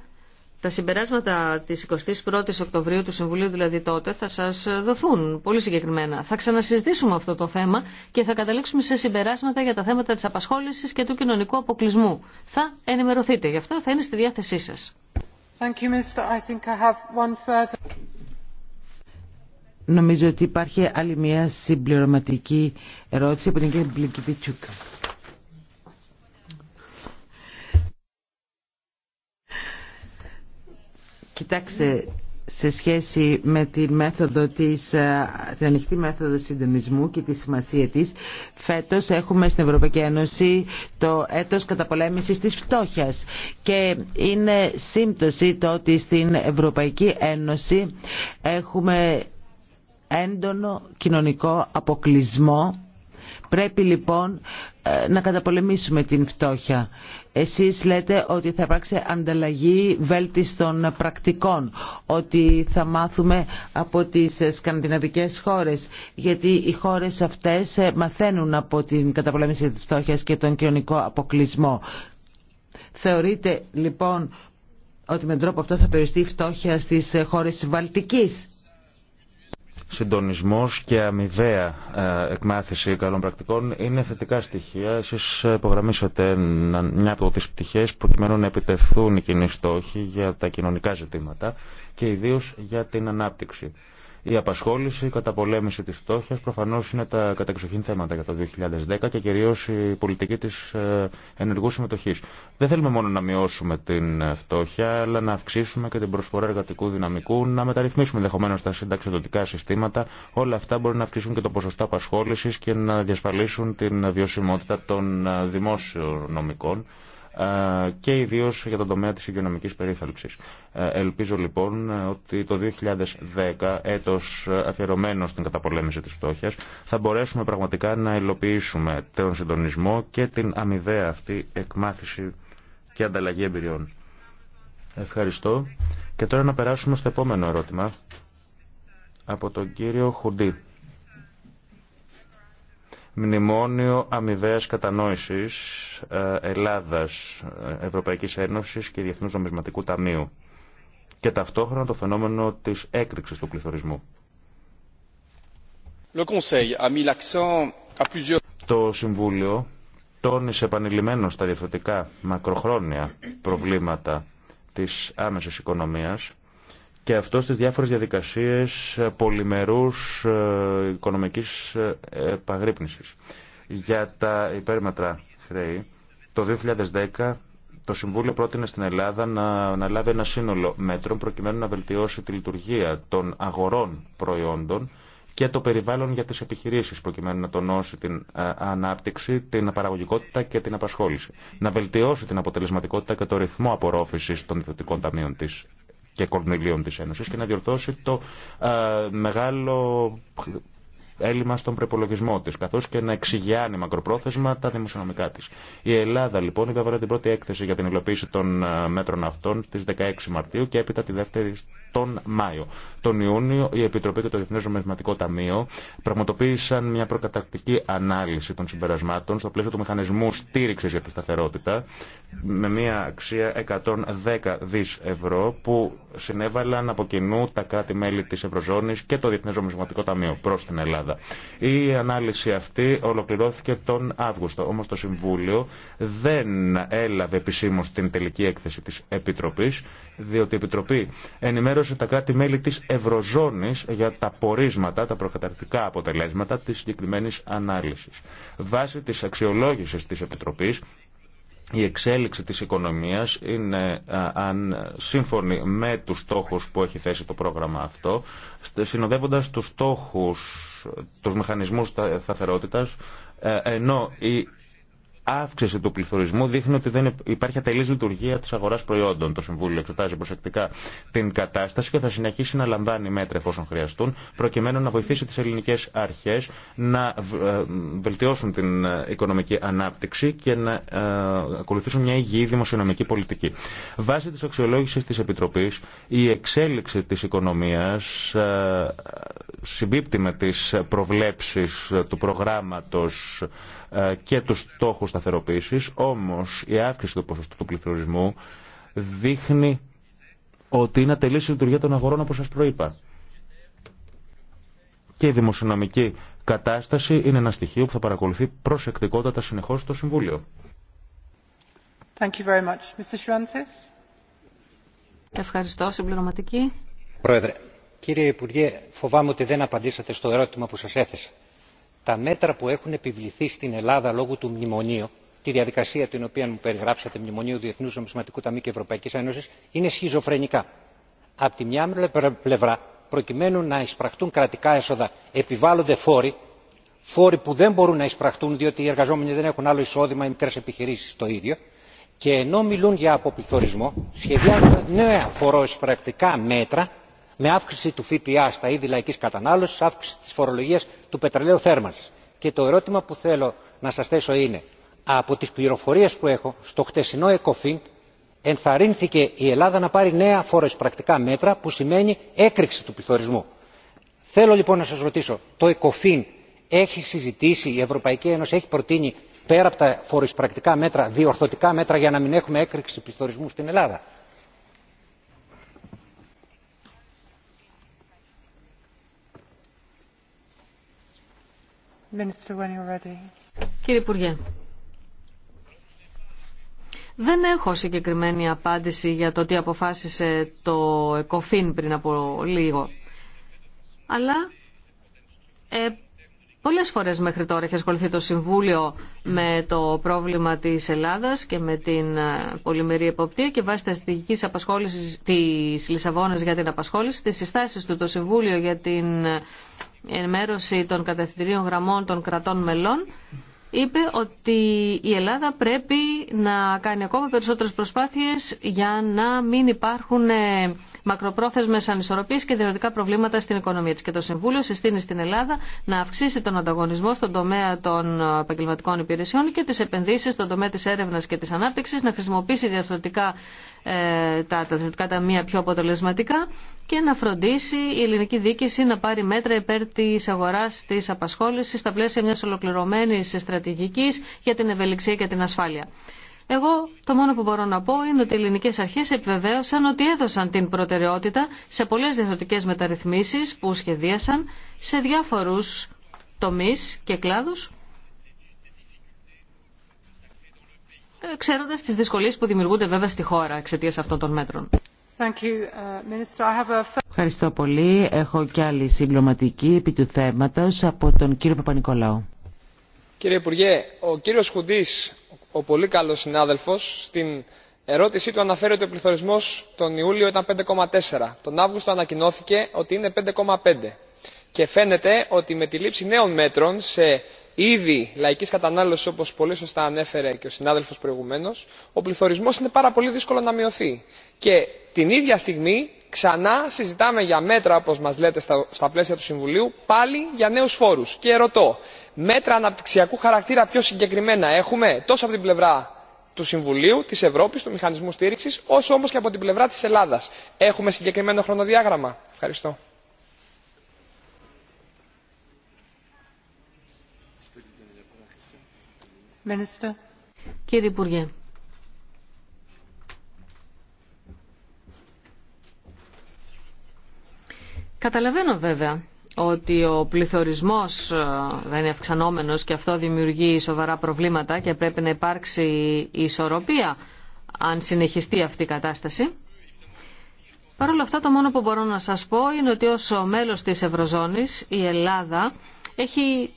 τα συμπεράσματα της 21ης Οκτωβρίου του Συμβουλίου δηλαδή τότε θα σας δοθούν πολύ συγκεκριμένα. Θα ξανασυζητήσουμε αυτό το θέμα και θα καταλήξουμε σε συμπεράσματα για τα θέματα της απασχόλησης και του κοινωνικού αποκλεισμού. Θα ενημερωθείτε, γι' αυτό θα είναι στη διάθεσή σας. Νομίζω ότι υπάρχει άλλη μια συμπληρωματική ερώτηση από την κυρία Μπλικιπιτσούκα. Κοιτάξτε, σε σχέση με τη μέθοδο της, ε, την ανοιχτή μέθοδο συντονισμού και τη σημασία της, φέτος έχουμε στην Ευρωπαϊκή Ένωση το έτος καταπολέμησης της φτώχειας και είναι σύμπτωση το ότι στην Ευρωπαϊκή Ένωση έχουμε έντονο κοινωνικό αποκλεισμό. Πρέπει λοιπόν ε, να καταπολεμήσουμε την φτώχεια. Εσείς λέτε ότι θα υπάρξει ανταλλαγή βέλτιστων πρακτικών, ότι θα μάθουμε από τις σκανδιναβικές χώρες, γιατί οι χώρες αυτές ε, μαθαίνουν από την καταπολέμηση της φτώχειας και τον κοινωνικό αποκλεισμό. Θεωρείτε λοιπόν ότι με τον τρόπο αυτό θα περιοριστεί η φτώχεια στις χώρες της Βαλτικής συντονισμός και αμοιβαία ε, εκμάθηση καλών πρακτικών είναι θετικά στοιχεία. Εσείς υπογραμμίσατε μια από τις πτυχές προκειμένου να επιτευχθούν οι κοινοί στόχοι για τα κοινωνικά ζητήματα και ιδίως για την ανάπτυξη. Η απασχόληση, η καταπολέμηση τη φτώχειας προφανώς είναι τα καταξοχήν θέματα για το 2010 και κυρίως η πολιτική της ε, ενεργού συμμετοχή. Δεν θέλουμε μόνο να μειώσουμε την ε, φτώχεια, αλλά να αυξήσουμε και την προσφορά εργατικού δυναμικού, να μεταρρυθμίσουμε ενδεχομένω τα συνταξιδοτικά συστήματα. Όλα αυτά μπορεί να αυξήσουν και το ποσοστό απασχόληση και να διασφαλίσουν την βιωσιμότητα των ε, δημόσιων νομικών ε, και ιδίω για τον τομέα τη υγειονομική περίθαλψη. Ε, ελπίζω λοιπόν ότι το 2010, έτο αφιερωμένο στην καταπολέμηση τη φτώχεια, θα μπορέσουμε πραγματικά να υλοποιήσουμε τον συντονισμό και την αμοιβαία αυτή εκμάθηση και ανταλλαγή εμπειριών. Ευχαριστώ. Και τώρα να περάσουμε στο επόμενο ερώτημα από τον κύριο Χουντή. Μνημόνιο αμοιβαία Κατανόησης ε, Ελλάδα, ε, Ευρωπαϊκή Ένωση και Διεθνού Νομισματικού Ταμείου. Και ταυτόχρονα το φαινόμενο τη έκρηξη του πληθωρισμού. Το Συμβούλιο τόνισε επανειλημμένο στα διαφορετικά μακροχρόνια προβλήματα της άμεσης οικονομίας και αυτό στις διάφορες διαδικασίες πολυμερούς ε, οικονομικής ε, επαγρύπνησης. Για τα υπέρμετρα χρέη, το 2010 το Συμβούλιο πρότεινε στην Ελλάδα να, να λάβει ένα σύνολο μέτρων προκειμένου να βελτιώσει τη λειτουργία των αγορών προϊόντων και το περιβάλλον για τις επιχειρήσεις προκειμένου να τονώσει την ε, ανάπτυξη, την παραγωγικότητα και την απασχόληση. Να βελτιώσει την αποτελεσματικότητα και το ρυθμό απορρόφησης των ιδιωτικών ταμείων της και κορνελίων της Ένωσης και να διορθώσει το ε, μεγάλο έλλειμμα στον προπολογισμό τη, καθώ και να εξηγειάνει μακροπρόθεσμα τα δημοσιονομικά τη. Η Ελλάδα λοιπόν υπέβαλε την πρώτη έκθεση για την υλοποίηση των ε, μέτρων αυτών στι 16 Μαρτίου και έπειτα τη δεύτερη τον Μάιο. Τον Ιούνιο η Επιτροπή και το Διεθνέ Νομισματικό Ταμείο πραγματοποίησαν μια προκατακτική ανάλυση των συμπερασμάτων στο πλαίσιο του μηχανισμού στήριξη για τη σταθερότητα με μια αξία 110 δι ευρώ που συνέβαλαν από κοινού τα κράτη-μέλη της Ευρωζώνης και το Διεθνέ Ταμείο προς την Ελλάδα. Η ανάλυση αυτή ολοκληρώθηκε τον Αύγουστο, Όμω το Συμβούλιο δεν έλαβε επισήμω την τελική έκθεση της Επιτροπής, διότι η Επιτροπή ενημέρωσε τα κράτη-μέλη της Ευρωζώνης για τα πορίσματα, τα προκαταρκτικά αποτελέσματα της συγκεκριμένη ανάλυση. Βάσει της αξιολόγηση της Επιτροπής, η εξέλιξη της οικονομίας είναι σύμφωνη με τους στόχους που έχει θέσει το πρόγραμμα αυτό, συνοδεύοντας τους στόχους τους μηχανισμούς σταθερότητας, ε, ενώ η αύξηση του πληθωρισμού δείχνει ότι δεν υπάρχει ατελής λειτουργία της αγοράς προϊόντων. Το Συμβούλιο εξετάζει προσεκτικά την κατάσταση και θα συνεχίσει να λαμβάνει μέτρα εφόσον χρειαστούν, προκειμένου να βοηθήσει τις ελληνικές αρχές να ε, βελτιώσουν την ε, οικονομική ανάπτυξη και να ε, ακολουθήσουν μια υγιή δημοσιονομική πολιτική. Βάσει της αξιολόγηση της Επιτροπής, η εξέλιξη της οικονομίας συμπίπτει με τις προβλέψεις του προγράμματος ε, και του στόχου σταθεροποίηση, όμως η αύξηση του ποσοστού του πληθωρισμού δείχνει ότι είναι ατελή η λειτουργία των αγορών όπως σας προείπα. Και η δημοσιονομική κατάσταση είναι ένα στοιχείο που θα παρακολουθεί προσεκτικότατα συνεχώ το Συμβούλιο. Ευχαριστώ. Συμπληρωματική. Πρόεδρε, κύριε Υπουργέ, φοβάμαι ότι δεν απαντήσατε στο ερώτημα που σας έθεσα τα μέτρα που έχουν επιβληθεί στην ελλάδα λόγω του μνημονίου τη διαδικασία την οποία μου περιγράψατε μνημονίου Διεθνού νομισματικού ταμείου και Ευρωπαϊκή Ένωση είναι σχιζοφρενικά. από τη μια πλευρά προκειμένου να εισπραχτούν κρατικά έσοδα επιβάλλονται φόροι φόροι που δεν μπορούν να εισπραχτούν διότι οι εργαζόμενοι δεν έχουν άλλο εισόδημα οι μικρέ επιχειρήσεις το ίδιο και ενώ μιλούν για αποπληθωρισμό σχεδιάζουν νέα φοροεισπρακτικά μέτρα με αύξηση του ΦΠΑ στα είδη λαϊκής κατανάλωσης, αύξηση της φορολογίας του πετρελαίου θέρμανσης. Και το ερώτημα που θέλω να σας θέσω είναι, από τις πληροφορίες που έχω, στο χτεσινό ΕΚΟΦΗΝ ενθαρρύνθηκε η Ελλάδα να πάρει νέα φοροεισπρακτικά μέτρα που σημαίνει έκρηξη του πληθωρισμού. Θέλω λοιπόν να σας ρωτήσω, το ΕΚΟΦΗΝ έχει συζητήσει, η Ευρωπαϊκή Ένωση έχει προτείνει πέρα από τα φοροεισπρακτικά μέτρα, διορθωτικά μέτρα για να μην έχουμε έκρηξη πληθωρισμού στην Ελλάδα. Κύριε Υπουργέ, δεν έχω συγκεκριμένη απάντηση για το τι αποφάσισε το ΕΚΟΦΗΝ πριν από λίγο. Αλλά ε, πολλές φορές μέχρι τώρα έχει ασχοληθεί το Συμβούλιο με το πρόβλημα της Ελλάδας και με την ε, πολυμερή εποπτεία και βάσει τα στρατηγικής απασχόλησης της Λισαβόνας για την απασχόληση, τις συστάσεις του το Συμβούλιο για την ενημέρωση των κατευθυντηρίων γραμμών των κρατών μελών είπε ότι η Ελλάδα πρέπει να κάνει ακόμα περισσότερες προσπάθειες για να μην υπάρχουν ε, μακροπρόθεσμες ανισορροπίες και διαρροτικά προβλήματα στην οικονομία της. Και το Συμβούλιο συστήνει στην Ελλάδα να αυξήσει τον ανταγωνισμό στον τομέα των ε, επαγγελματικών υπηρεσιών και τις επενδύσεις στον τομέα της έρευνας και της ανάπτυξης, να χρησιμοποιήσει διαφορετικά ε, τα, τα ταμεία πιο αποτελεσματικά και να φροντίσει η ελληνική διοίκηση να πάρει μέτρα υπέρ τη αγορά τη απασχόληση στα πλαίσια μια ολοκληρωμένη στρατηγική για την ευελιξία και την ασφάλεια. Εγώ το μόνο που μπορώ να πω είναι ότι οι ελληνικέ αρχέ επιβεβαίωσαν ότι έδωσαν την προτεραιότητα σε πολλέ διεθνωτικές μεταρρυθμίσει που σχεδίασαν σε διάφορου τομεί και κλάδου. Ε, Ξέροντα τι δυσκολίε που δημιουργούνται βέβαια στη χώρα εξαιτία αυτών των μέτρων. Uh, Ευχαριστώ πολύ. Έχω και άλλη συμπληρωματική επί του θέματος από τον κύριο Παπα-Νικολάου. Κύριε Υπουργέ, ο κύριος Χουντής, ο πολύ καλός συνάδελφος, στην ερώτησή του αναφέρει ότι ο πληθωρισμός τον Ιούλιο ήταν 5,4. Τον Αύγουστο ανακοινώθηκε ότι είναι 5,5. Και φαίνεται ότι με τη λήψη νέων μέτρων σε είδη λαϊκής κατανάλωσης όπως πολύ σωστά ανέφερε και ο συνάδελφος προηγουμένως ο πληθωρισμός είναι πάρα πολύ δύσκολο να μειωθεί και την ίδια στιγμή ξανά συζητάμε για μέτρα όπως μας λέτε στα πλαίσια του συμβουλίου πάλι για νέους φόρους και ρωτώ, μέτρα αναπτυξιακού χαρακτήρα πιο συγκεκριμένα έχουμε τόσο από την πλευρά του Συμβουλίου, της Ευρώπης, του Μηχανισμού Στήριξης, όσο όμω και από την πλευρά τη Ελλάδας. Έχουμε συγκεκριμένο χρονοδιάγραμμα. Ευχαριστώ. Κύριε Υπουργέ. Καταλαβαίνω βέβαια ότι ο πληθωρισμός ε, δεν είναι αυξανόμενος και αυτό δημιουργεί σοβαρά προβλήματα και πρέπει να υπάρξει ισορροπία αν συνεχιστεί αυτή η κατάσταση. Παρ' όλα αυτά το μόνο που μπορώ να σας πω είναι ότι ως μέλος της Ευρωζώνης η Ελλάδα έχει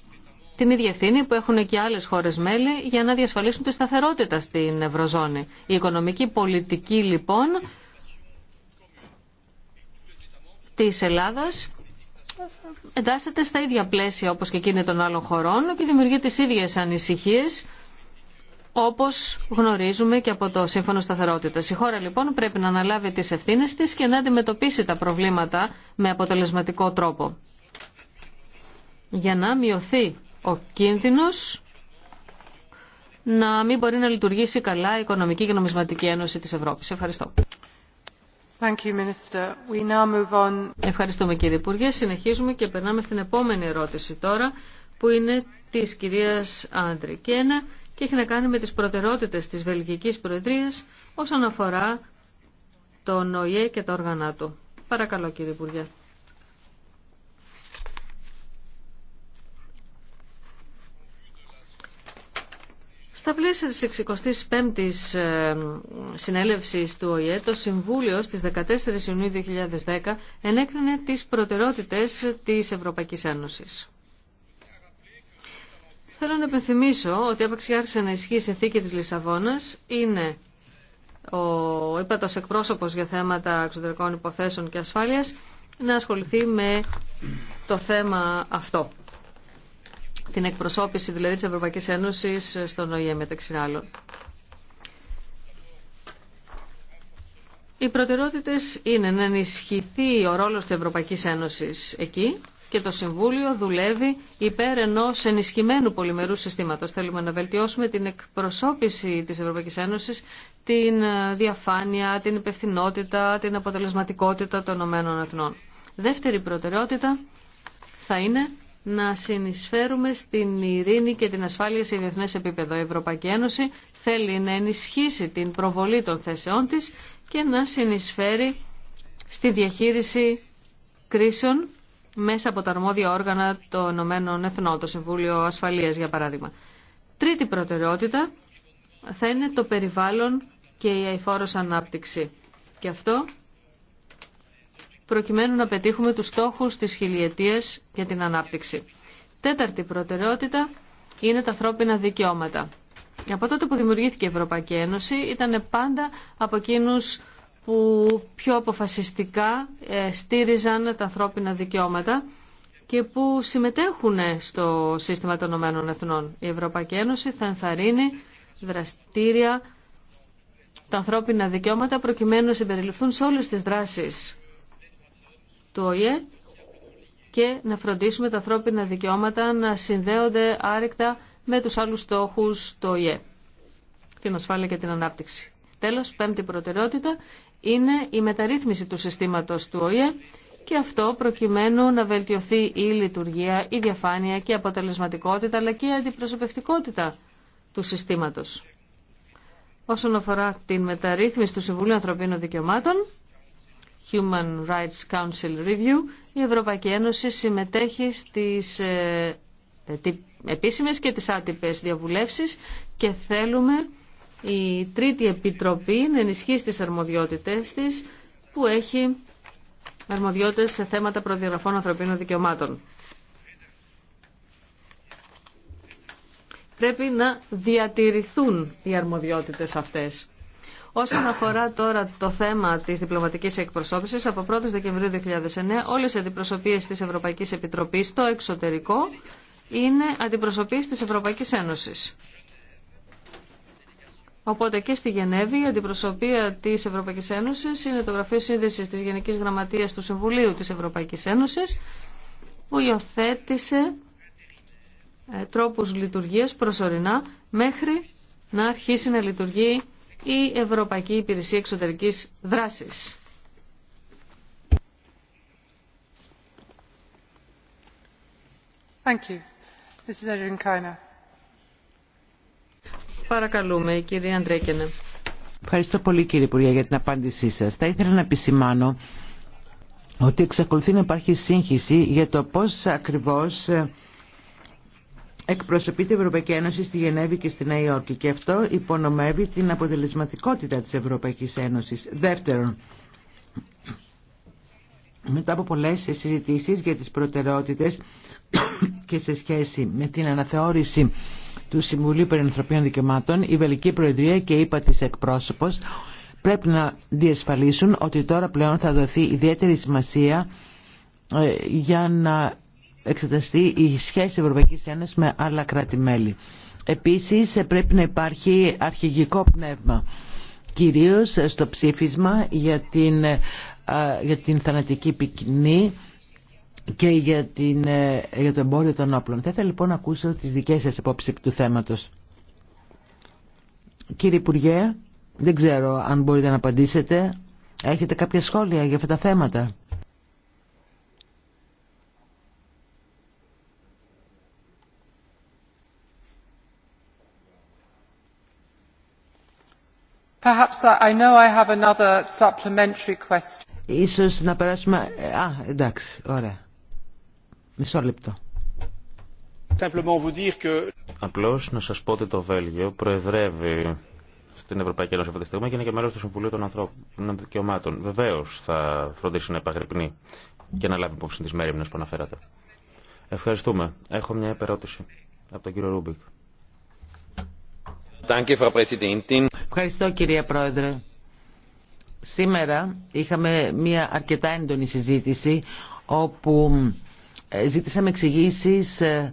την ίδια ευθύνη που έχουν και άλλες χώρες μέλη για να διασφαλίσουν τη σταθερότητα στην Ευρωζώνη. Η οικονομική πολιτική λοιπόν της Ελλάδας εντάσσεται στα ίδια πλαίσια όπως και εκείνη των άλλων χωρών και δημιουργεί τις ίδιες ανησυχίες όπως γνωρίζουμε και από το Σύμφωνο σταθερότητα. Η χώρα λοιπόν πρέπει να αναλάβει τις ευθύνες της και να αντιμετωπίσει τα προβλήματα με αποτελεσματικό τρόπο για να μειωθεί ο κίνδυνος να μην μπορεί να λειτουργήσει καλά η Οικονομική και Νομισματική Ένωση της Ευρώπης. Ευχαριστώ. Thank you, Minister. We now move on... Ευχαριστούμε κύριε Υπουργέ. Συνεχίζουμε και περνάμε στην επόμενη ερώτηση τώρα που είναι της κυρίας Άντρη και έχει να κάνει με τις προτεραιότητες της Βελγικής Προεδρίας όσον αφορά τον ΟΗΕ και τα όργανα του. Παρακαλώ κύριε Υπουργέ. Στα πλαίσια της 65ης ε, συνέλευσης του ΟΗΕ, το Συμβούλιο στις 14 Ιουνίου 2010 ενέκρινε τις προτεραιότητες της Ευρωπαϊκής Ένωσης. Θέλω να επενθυμίσω ότι η άρχισε να ισχύει η συνθήκη της Λισαβόνας είναι ο ύπατος εκπρόσωπος για θέματα εξωτερικών υποθέσεων και ασφάλειας να ασχοληθεί με το θέμα αυτό την εκπροσώπηση δηλαδή της Ευρωπαϊκής Ένωσης στον ΟΗΕ μεταξύ άλλων. Οι προτεραιότητες είναι να ενισχυθεί ο ρόλος της Ευρωπαϊκής Ένωσης εκεί και το Συμβούλιο δουλεύει υπέρ ενό ενισχυμένου πολυμερού συστήματος. Θέλουμε να βελτιώσουμε την εκπροσώπηση της Ευρωπαϊκής Ένωσης, την διαφάνεια, την υπευθυνότητα, την αποτελεσματικότητα των ΗΕ. Δεύτερη προτεραιότητα θα είναι να συνεισφέρουμε στην ειρήνη και την ασφάλεια σε διεθνές επίπεδο. Η Ευρωπαϊκή Ένωση θέλει να ενισχύσει την προβολή των θέσεών της και να συνεισφέρει στη διαχείριση κρίσεων μέσα από τα αρμόδια όργανα των Ηνωμένων το Συμβούλιο Ασφαλείας για παράδειγμα. Τρίτη προτεραιότητα θα είναι το περιβάλλον και η αηφόρος ανάπτυξη. Και αυτό προκειμένου να πετύχουμε τους στόχους της χιλιετίας για την ανάπτυξη. Τέταρτη προτεραιότητα είναι τα ανθρώπινα δικαιώματα. Από τότε που δημιουργήθηκε η Ευρωπαϊκή Ένωση ήταν πάντα από εκείνου που πιο αποφασιστικά ε, στήριζαν τα ανθρώπινα δικαιώματα και που συμμετέχουν στο σύστημα των Ηνωμένων Εθνών. Η Ευρωπαϊκή Ένωση θα ενθαρρύνει δραστήρια τα ανθρώπινα δικαιώματα προκειμένου να συμπεριληφθούν σε όλες τις δράσεις του ΟΗΕ και να φροντίσουμε τα ανθρώπινα δικαιώματα να συνδέονται άρρηκτα με τους άλλους στόχους του ΟΗΕ, την ασφάλεια και την ανάπτυξη. Τέλος, πέμπτη προτεραιότητα είναι η μεταρρύθμιση του συστήματος του ΟΗΕ και αυτό προκειμένου να βελτιωθεί η λειτουργία, η διαφάνεια και η αποτελεσματικότητα αλλά και η αντιπροσωπευτικότητα του συστήματος. Όσον αφορά την μεταρρύθμιση του Συμβουλίου Ανθρωπίνων Δικαιωμάτων, Human Rights Council Review, η Ευρωπαϊκή Ένωση συμμετέχει στις ε, ε, επίσημες και τις άτυπες διαβουλεύσεις και θέλουμε η Τρίτη Επιτροπή να ενισχύσει τις αρμοδιότητες της που έχει αρμοδιότητες σε θέματα προδιαγραφών ανθρωπίνων δικαιωμάτων. Πρέπει να διατηρηθούν οι αρμοδιότητες αυτές. Όσον αφορά τώρα το θέμα τη διπλωματική εκπροσωπηση από 1 Δεκεμβρίου 2009 όλε οι αντιπροσωπείε τη Ευρωπαϊκή Επιτροπής στο εξωτερικό είναι αντιπροσωπείε τη Ευρωπαϊκή Ένωση. Οπότε και στη Γενέβη η αντιπροσωπεία τη Ευρωπαϊκή Ένωση είναι το Γραφείο Σύνδεση τη Γενική Γραμματεία του Συμβουλίου τη Ευρωπαϊκή Ένωση, που υιοθέτησε ε, τρόπους λειτουργίας προσωρινά μέχρι να αρχίσει να λειτουργεί η Ευρωπαϊκή Υπηρεσία Εξωτερικής Δράσης. Thank you. Παρακαλούμε, κύριε Αντρέκενε. Ευχαριστώ πολύ κύριε Υπουργέ για την απάντησή σας. Θα ήθελα να επισημάνω ότι εξακολουθεί να υπάρχει σύγχυση για το πώς ακριβώς ε, εκπροσωπεί την Ευρωπαϊκή Ένωση στη Γενέβη και στη Νέα Υόρκη και αυτό υπονομεύει την αποτελεσματικότητα της Ευρωπαϊκής Ένωσης. Δεύτερον, μετά από πολλές συζητήσεις για τις προτεραιότητες [COUGHS] και σε σχέση με την αναθεώρηση του Συμβουλίου Περιανθρωπίνων Δικαιωμάτων, η Βελική Προεδρία και είπα της εκπρόσωπος πρέπει να διασφαλίσουν ότι τώρα πλέον θα δοθεί ιδιαίτερη σημασία ε, για να εξεταστεί η σχέση Ευρωπαϊκής Ένωσης με άλλα κράτη-μέλη. Επίσης πρέπει να υπάρχει αρχηγικό πνεύμα, κυρίως στο ψήφισμα για την, ε, για την θανατική πυκνή και για, την, ε, για το εμπόριο των όπλων. Θα ήθελα λοιπόν να ακούσω τις δικές σας απόψεις του θέματος. Κύριε Υπουργέ, δεν ξέρω αν μπορείτε να απαντήσετε. Έχετε κάποια σχόλια για αυτά τα θέματα. Ίσως να περάσουμε... Ε, α, εντάξει, ωραία. Μισό λεπτό. Απλώς να σας πω ότι το Βέλγιο προεδρεύει στην Ευρωπαϊκή Ένωση αυτή τη στιγμή και είναι και μέλος του Συμβουλίου των Ανθρώπινων Δικαιωμάτων. Βεβαίως θα φροντίσει να επαγρυπνεί και να λάβει υπόψη τις μέρημνες που αναφέρατε. Ευχαριστούμε. Έχω μια επερώτηση από τον κύριο Ρούμπικ. Ευχαριστώ κυρία Πρόεδρε. Σήμερα είχαμε μια αρκετά έντονη συζήτηση όπου ε, ζήτησαμε εξηγήσει ε,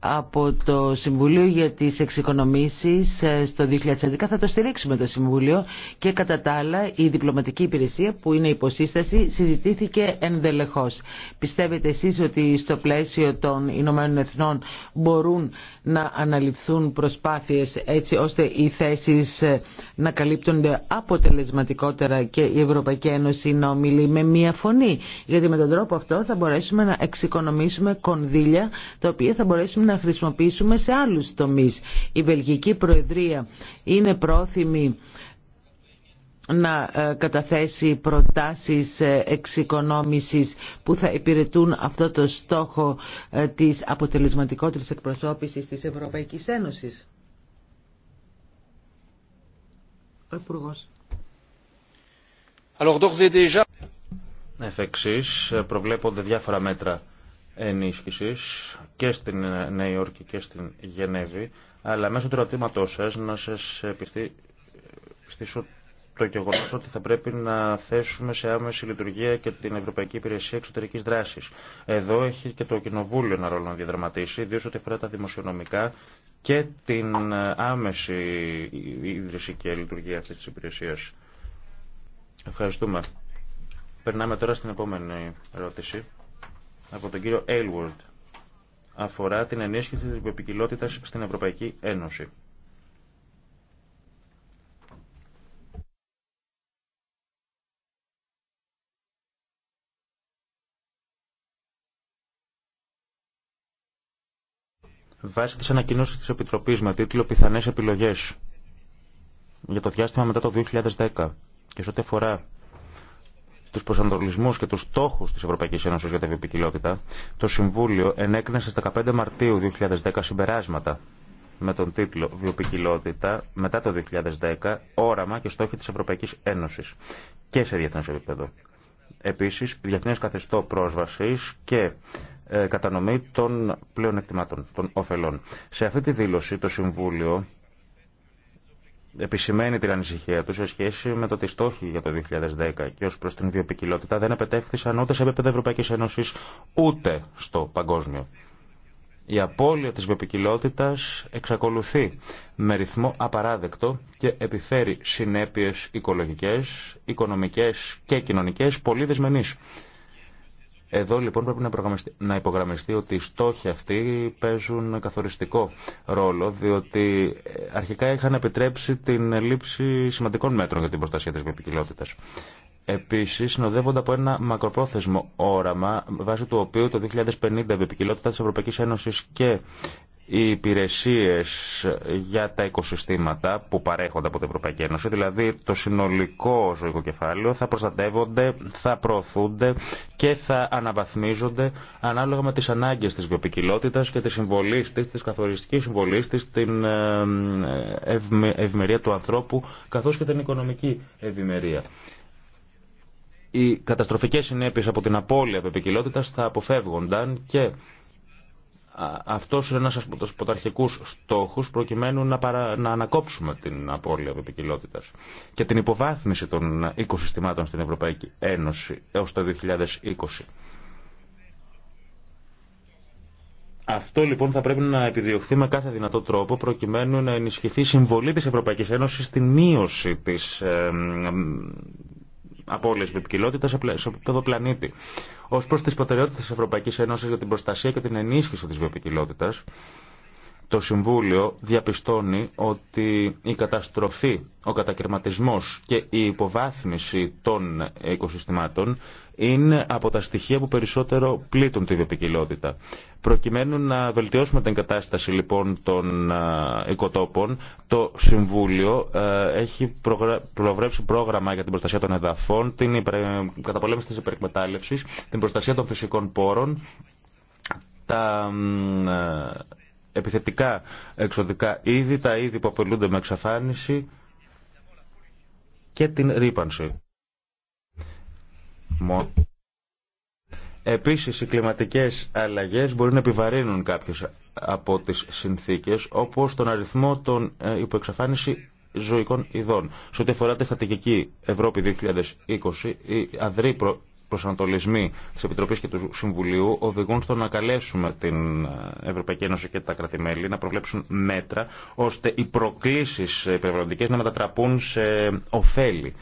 από το Συμβουλίο για τις Εξοικονομήσεις ε, στο 2011. Θα το στηρίξουμε το Συμβούλιο και κατά τα άλλα η διπλωματική υπηρεσία που είναι υποσύσταση συζητήθηκε ενδελεχώς. Πιστεύετε εσείς ότι στο πλαίσιο των Ηνωμένων Εθνών μπορούν να αναλυθούν προσπάθειες έτσι ώστε οι θέσεις ε, να καλύπτονται αποτελεσματικότερα και η Ευρωπαϊκή Ένωση να ομιλεί με μία φωνή. Γιατί με τον τρόπο αυτό θα μπορέσουμε να εξοικονομήσουμε κονδύλια τα οποία θα μπορέσουμε να χρησιμοποιήσουμε σε άλλους τομείς. Η Βελγική Προεδρία είναι πρόθυμη να ε, καταθέσει προτάσεις ε, εξοικονόμησης που θα υπηρετούν αυτό το στόχο ε, της αποτελεσματικότερης εκπροσώπησης της Ευρωπαϊκής Ένωσης. Ο Υπουργός. Εφ' εξής, προβλέπονται διάφορα μέτρα ενίσχυσης και στην Νέα Υόρκη και στην Γενέβη, αλλά μέσω του ερωτήματό σα να σα επιστήσω το γεγονό ότι θα πρέπει να θέσουμε σε άμεση λειτουργία και την Ευρωπαϊκή Υπηρεσία Εξωτερική Δράση. Εδώ έχει και το Κοινοβούλιο ένα ρόλο να διαδραματίσει, ιδίω ό,τι αφορά τα δημοσιονομικά και την άμεση ίδρυση και λειτουργία αυτή τη υπηρεσία. Ευχαριστούμε. Περνάμε τώρα στην επόμενη ερώτηση από τον κύριο Aylward αφορά την ενίσχυση της επικοινότητας στην Ευρωπαϊκή Ένωση. Βάσει της ανακοίνωσης της Επιτροπής με τίτλο «Πιθανές επιλογές» για το διάστημα μετά το 2010 και σε ό,τι αφορά του προσανατολισμού και του στόχου τη Ευρωπαϊκή Ένωση για τη βιοπικιλότητα, το Συμβούλιο ενέκρινε στι 15 Μαρτίου 2010 συμπεράσματα με τον τίτλο Βιοπικιλότητα μετά το 2010, όραμα και στόχοι τη Ευρωπαϊκή Ένωση και σε διεθνέ επίπεδο. Επίση, διεθνέ καθεστώ πρόσβαση και ε, κατανομή των πλέον εκτιμάτων, των ωφελών. Σε αυτή τη δήλωση το Συμβούλιο επισημαίνει την ανησυχία του σε σχέση με το ότι στόχοι για το 2010 και ω προ την βιοπικιλότητα δεν επετέφθησαν ούτε σε επίπεδο Ευρωπαϊκή Ένωση ούτε στο παγκόσμιο. Η απώλεια της βιοπικιλότητας εξακολουθεί με ρυθμό απαράδεκτο και επιφέρει συνέπειες οικολογικές, οικονομικές και κοινωνικές πολύ δεσμενείς. Εδώ λοιπόν πρέπει να, να υπογραμμιστεί ότι οι στόχοι αυτοί παίζουν καθοριστικό ρόλο, διότι ε, αρχικά είχαν επιτρέψει την λήψη σημαντικών μέτρων για την προστασία τη βιοποικιλότητας. Επίση, συνοδεύονται από ένα μακροπρόθεσμο όραμα, βάσει του οποίου το 2050 η επικοινότητα τη Ευρωπαϊκή Ένωση και οι υπηρεσίες για τα οικοσυστήματα που παρέχονται από την Ευρωπαϊκή Ένωση, δηλαδή το συνολικό ζωικό κεφάλαιο, θα προστατεύονται, θα προωθούνται και θα αναβαθμίζονται ανάλογα με τις ανάγκες της βιοπικιλότητα και της συμβολής της, της καθοριστικής συμβολής την ε, ευημερία του ανθρώπου, καθώς και την οικονομική ευημερία οι καταστροφικές συνέπειες από την απώλεια επικοινότητας θα αποφεύγονταν και αυτό είναι ένα από του πρωταρχικού στόχου προκειμένου να, να ανακόψουμε την απώλεια επικοινότητα και την υποβάθμιση των οικοσυστημάτων στην Ευρωπαϊκή Ένωση έως το 2020. Αυτό λοιπόν θα πρέπει να επιδιωχθεί με κάθε δυνατό τρόπο προκειμένου να ενισχυθεί η συμβολή της Ευρωπαϊκής Ένωσης στην μείωση της ε, ε, απώλειας σε επίπεδο πλανήτη. Ω προ τι προτεραιότητε τη Ευρωπαϊκή Ένωση για την προστασία και την ενίσχυση τη βιοπικιλότητα, το Συμβούλιο διαπιστώνει ότι η καταστροφή, ο κατακαιρματισμός και η υποβάθμιση των οικοσυστημάτων είναι από τα στοιχεία που περισσότερο πλήττουν τη βιοπικιλότητα. Προκειμένου να βελτιώσουμε την κατάσταση λοιπόν των οικοτόπων, το Συμβούλιο έχει προβλέψει πρόγραμμα για την προστασία των εδαφών, την καταπολέμηση της υπερεκμετάλλευσης, την προστασία των φυσικών πόρων, τα επιθετικά εξωτικά είδη, τα είδη που απελούνται με εξαφάνιση και την ρήπανση. Επίσης, οι κλιματικές αλλαγές μπορεί να επιβαρύνουν κάποιες από τις συνθήκες, όπως τον αριθμό των ε, υποεξαφάνιση ζωικών ειδών. Σε ό,τι αφορά τη στρατηγική Ευρώπη 2020, η αδρή προσανατολισμοί τη Επιτροπή και του Συμβουλίου οδηγούν στο να καλέσουμε την Ευρωπαϊκή Ένωση και τα κρατημέλη να προβλέψουν μέτρα ώστε οι προκλήσει περιβαλλοντικέ να μετατραπούν σε ωφέλη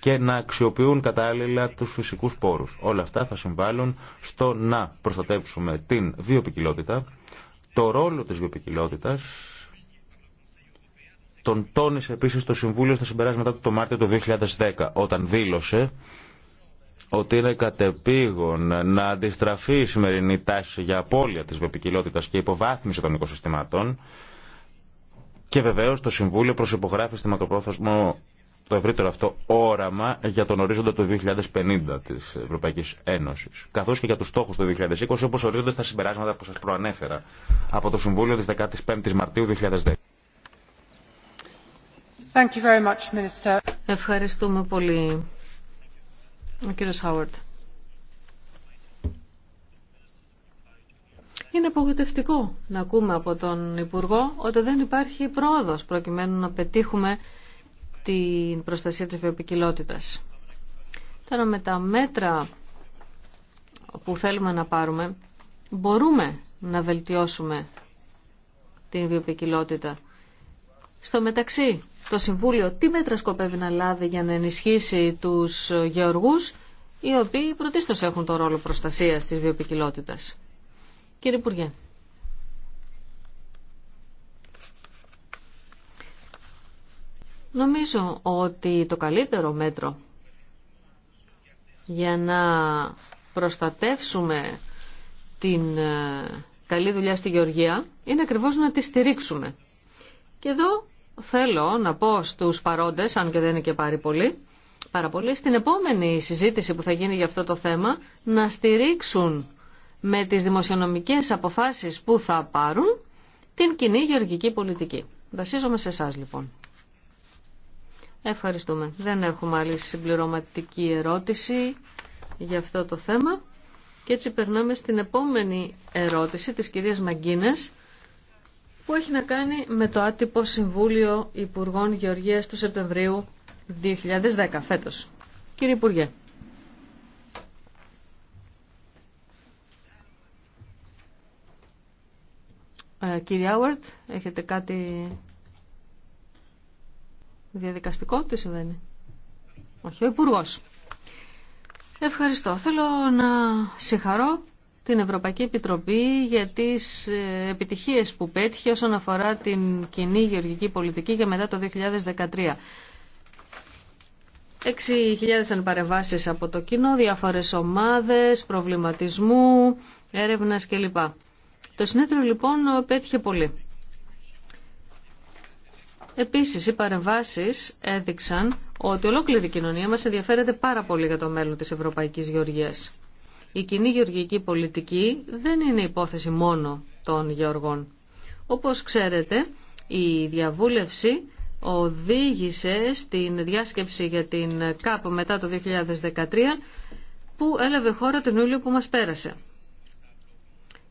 και να αξιοποιούν κατάλληλα τους φυσικούς πόρους. Όλα αυτά θα συμβάλλουν στο να προστατεύσουμε την βιοπικιλότητα, το ρόλο της βιοπικιλότητας, τον τόνισε επίσης το Συμβούλιο στα συμπεράσματα του το Μάρτιο του 2010, όταν δήλωσε ότι είναι κατεπήγον να αντιστραφεί η σημερινή τάση για απώλεια της βεπικιλότητας και υποβάθμιση των οικοσυστημάτων και βεβαίως το Συμβούλιο προσυπογράφει στη μακροπρόθεσμο το ευρύτερο αυτό όραμα για τον ορίζοντα του 2050 της Ευρωπαϊκής Ένωσης, καθώς και για τους στόχους του 2020, όπως ορίζονται στα συμπεράσματα που σας προανέφερα από το Συμβούλιο της 15ης Μαρτίου 2010. Thank you very much, Minister. Ευχαριστούμε πολύ, είναι απογοητευτικό να ακούμε από τον Υπουργό ότι δεν υπάρχει πρόοδος προκειμένου να πετύχουμε την προστασία της βιοποικιλότητας. Τώρα με τα μέτρα που θέλουμε να πάρουμε μπορούμε να βελτιώσουμε την βιοποικιλότητα. Στο μεταξύ το Συμβούλιο τι μέτρα σκοπεύει να λάβει για να ενισχύσει τους γεωργούς, οι οποίοι πρωτίστως έχουν το ρόλο προστασίας της βιοπικιλότητας. Κύριε Υπουργέ. Νομίζω ότι το καλύτερο μέτρο για να προστατεύσουμε την ε, καλή δουλειά στη Γεωργία είναι ακριβώς να τη στηρίξουμε. Και εδώ θέλω να πω στους παρόντες, αν και δεν είναι και πάρει πολύ, πάρα πολύ, στην επόμενη συζήτηση που θα γίνει για αυτό το θέμα, να στηρίξουν με τις δημοσιονομικές αποφάσεις που θα πάρουν την κοινή γεωργική πολιτική. Βασίζομαι σε εσά λοιπόν. Ευχαριστούμε. Δεν έχουμε άλλη συμπληρωματική ερώτηση για αυτό το θέμα. Και έτσι περνάμε στην επόμενη ερώτηση της κυρίας Μαγκίνες που έχει να κάνει με το άτυπο Συμβούλιο Υπουργών Γεωργίας του Σεπτεμβρίου 2010 φέτος. Κύριε Υπουργέ. Ε, κύριε Άουαρτ, έχετε κάτι διαδικαστικό, τι συμβαίνει. Όχι, ο Υπουργός. Ευχαριστώ. Θέλω να συγχαρώ την Ευρωπαϊκή Επιτροπή για τις ε, επιτυχίες που πέτυχε όσον αφορά την κοινή γεωργική πολιτική για μετά το 2013. 6.000 παρεμβάσεις από το κοινό, διάφορες ομάδες, προβληματισμού, έρευνας κλπ. Το συνέδριο λοιπόν πέτυχε πολύ. Επίσης, οι παρεμβάσεις έδειξαν ότι ολόκληρη η κοινωνία μας ενδιαφέρεται πάρα πολύ για το μέλλον της Ευρωπαϊκής Γεωργίας. Η κοινή γεωργική πολιτική δεν είναι υπόθεση μόνο των γεωργών. Όπως ξέρετε, η διαβούλευση οδήγησε στην διάσκεψη για την ΚΑΠ μετά το 2013 που έλαβε χώρα τον Ιούλιο που μας πέρασε.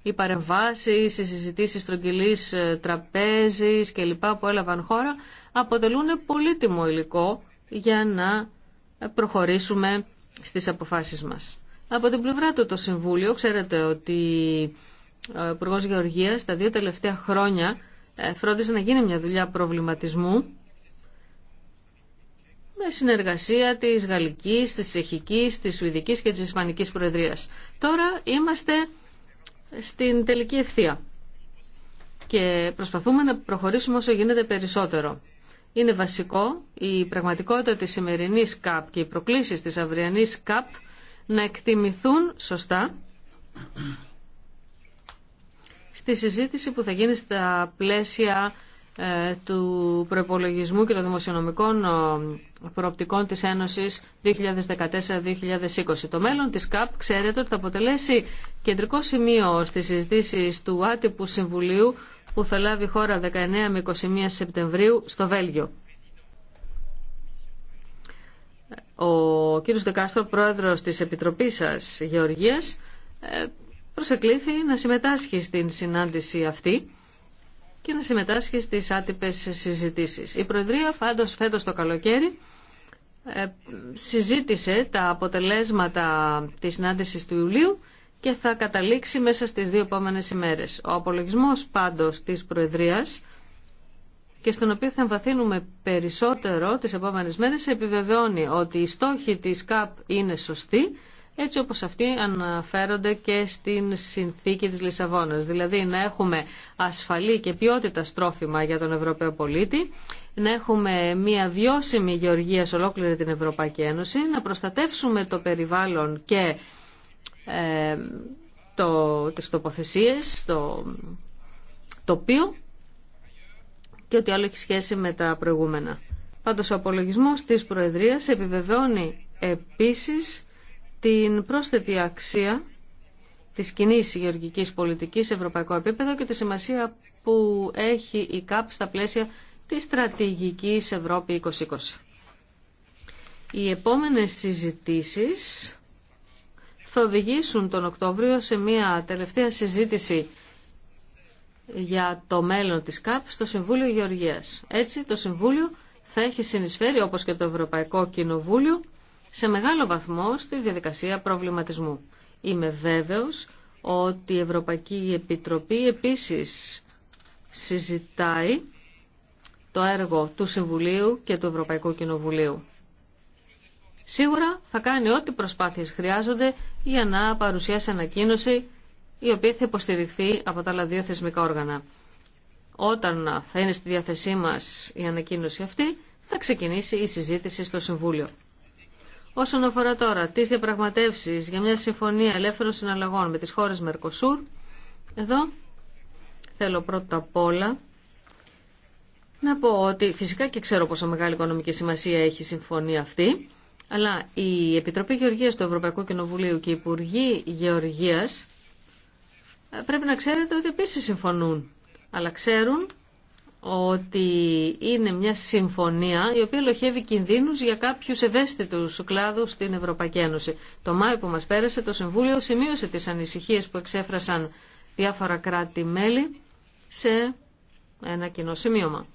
Οι παρεμβάσεις, οι συζητήσεις τροκιλής ε, τραπέζης και που έλαβαν χώρα αποτελούν πολύτιμο υλικό για να προχωρήσουμε στις αποφάσεις μας. Από την πλευρά του το Συμβούλιο, ξέρετε ότι ε, ο Υπουργός Γεωργίας τα δύο τελευταία χρόνια ε, φρόντισε να γίνει μια δουλειά προβληματισμού με συνεργασία της Γαλλικής, της Τσεχικής, της Σουηδικής και της Ισπανικής Προεδρίας. Τώρα είμαστε στην τελική ευθεία και προσπαθούμε να προχωρήσουμε όσο γίνεται περισσότερο. Είναι βασικό η πραγματικότητα της σημερινής ΚΑΠ και οι προκλήσεις της αυριανής ΚΑΠ να εκτιμηθούν σωστά στη συζήτηση που θα γίνει στα πλαίσια ε, του προπολογισμού και των δημοσιονομικών ε, προοπτικών της Ένωσης 2014-2020. Το μέλλον της ΚΑΠ ξέρετε ότι θα αποτελέσει κεντρικό σημείο στις συζητήσεις του άτυπου συμβουλίου που θα λάβει η χώρα 19 με 21 Σεπτεμβρίου στο Βέλγιο. Ο κύριος Δεκάστρο, πρόεδρος της Επιτροπής σας Γεωργίας, ε, προσεκλήθη να συμμετάσχει στην συνάντηση αυτή και να συμμετάσχει στις άτυπες συζητήσεις. Η Προεδρία φάντως φέτος το καλοκαίρι ε, συζήτησε τα αποτελέσματα της συνάντησης του Ιουλίου και θα καταλήξει μέσα στις δύο επόμενες ημέρες. Ο απολογισμός πάντως της Προεδρίας και στον οποίο θα εμβαθύνουμε περισσότερο τις επόμενες μέρες, επιβεβαιώνει ότι οι στόχοι της ΚΑΠ είναι σωστοί, έτσι όπως αυτοί αναφέρονται και στην συνθήκη της Λισαβόνας. Δηλαδή να έχουμε ασφαλή και ποιότητα στρόφιμα για τον Ευρωπαίο πολίτη, να έχουμε μια βιώσιμη γεωργία σε ολόκληρη την Ευρωπαϊκή Ένωση, να προστατεύσουμε το περιβάλλον και ε, το, τις τοποθεσίες, το τοπίο και ότι άλλο έχει σχέση με τα προηγούμενα. Πάντως ο απολογισμός της Προεδρίας επιβεβαιώνει επίσης την πρόσθετη αξία της κοινή γεωργική πολιτικής σε ευρωπαϊκό επίπεδο και τη σημασία που έχει η ΚΑΠ στα πλαίσια της Στρατηγική Ευρώπη 2020. Οι επόμενες συζητήσεις θα οδηγήσουν τον Οκτώβριο σε μια τελευταία συζήτηση για το μέλλον της ΚΑΠ στο Συμβούλιο Γεωργίας. Έτσι το Συμβούλιο θα έχει συνεισφέρει όπως και το Ευρωπαϊκό Κοινοβούλιο σε μεγάλο βαθμό στη διαδικασία προβληματισμού. Είμαι βέβαιος ότι η Ευρωπαϊκή Επιτροπή επίσης συζητάει το έργο του Συμβουλίου και του Ευρωπαϊκού Κοινοβουλίου. Σίγουρα θα κάνει ό,τι προσπάθειες χρειάζονται για να παρουσιάσει ανακοίνωση η οποία θα υποστηριχθεί από τα άλλα δύο θεσμικά όργανα. Όταν θα είναι στη διάθεσή μας η ανακοίνωση αυτή, θα ξεκινήσει η συζήτηση στο Συμβούλιο. Όσον αφορά τώρα τις διαπραγματεύσεις για μια συμφωνία ελεύθερων συναλλαγών με τις χώρες Μερκοσούρ, εδώ θέλω πρώτα απ' όλα να πω ότι φυσικά και ξέρω πόσο μεγάλη οικονομική σημασία έχει η συμφωνία αυτή, αλλά η Επιτροπή Γεωργίας του Ευρωπαϊκού Κοινοβουλίου και οι Υπουργοί Γεωργίας ε, πρέπει να ξέρετε ότι επίσης συμφωνούν. Αλλά ξέρουν ότι είναι μια συμφωνία η οποία λοχεύει κινδύνους για κάποιους ευαίσθητους κλάδους στην Ευρωπαϊκή Ένωση. Το Μάιο που μας πέρασε το Συμβούλιο σημείωσε τις ανησυχίες που εξέφρασαν διάφορα κράτη-μέλη σε ένα κοινό σημείωμα.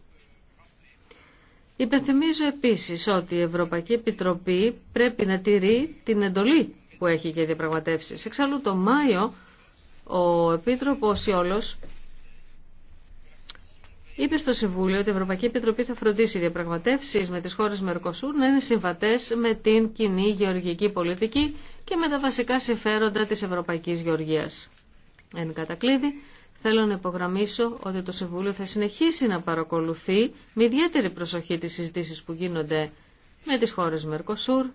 Υπενθυμίζω επίσης ότι η Ευρωπαϊκή Επιτροπή πρέπει να τηρεί την εντολή που έχει για διαπραγματεύσεις. Εξάλλου το Μάιο ο Επίτροπος Ιόλος είπε στο Συμβούλιο ότι η Ευρωπαϊκή Επιτροπή θα φροντίσει οι διαπραγματεύσεις με τις χώρες Μερκοσούρ να είναι συμβατές με την κοινή γεωργική πολιτική και με τα βασικά συμφέροντα της Ευρωπαϊκής Γεωργίας. Εν κατακλείδη, θέλω να υπογραμμίσω ότι το Συμβούλιο θα συνεχίσει να παρακολουθεί με ιδιαίτερη προσοχή τις συζητήσεις που γίνονται με τις χώρες Μερκοσούρ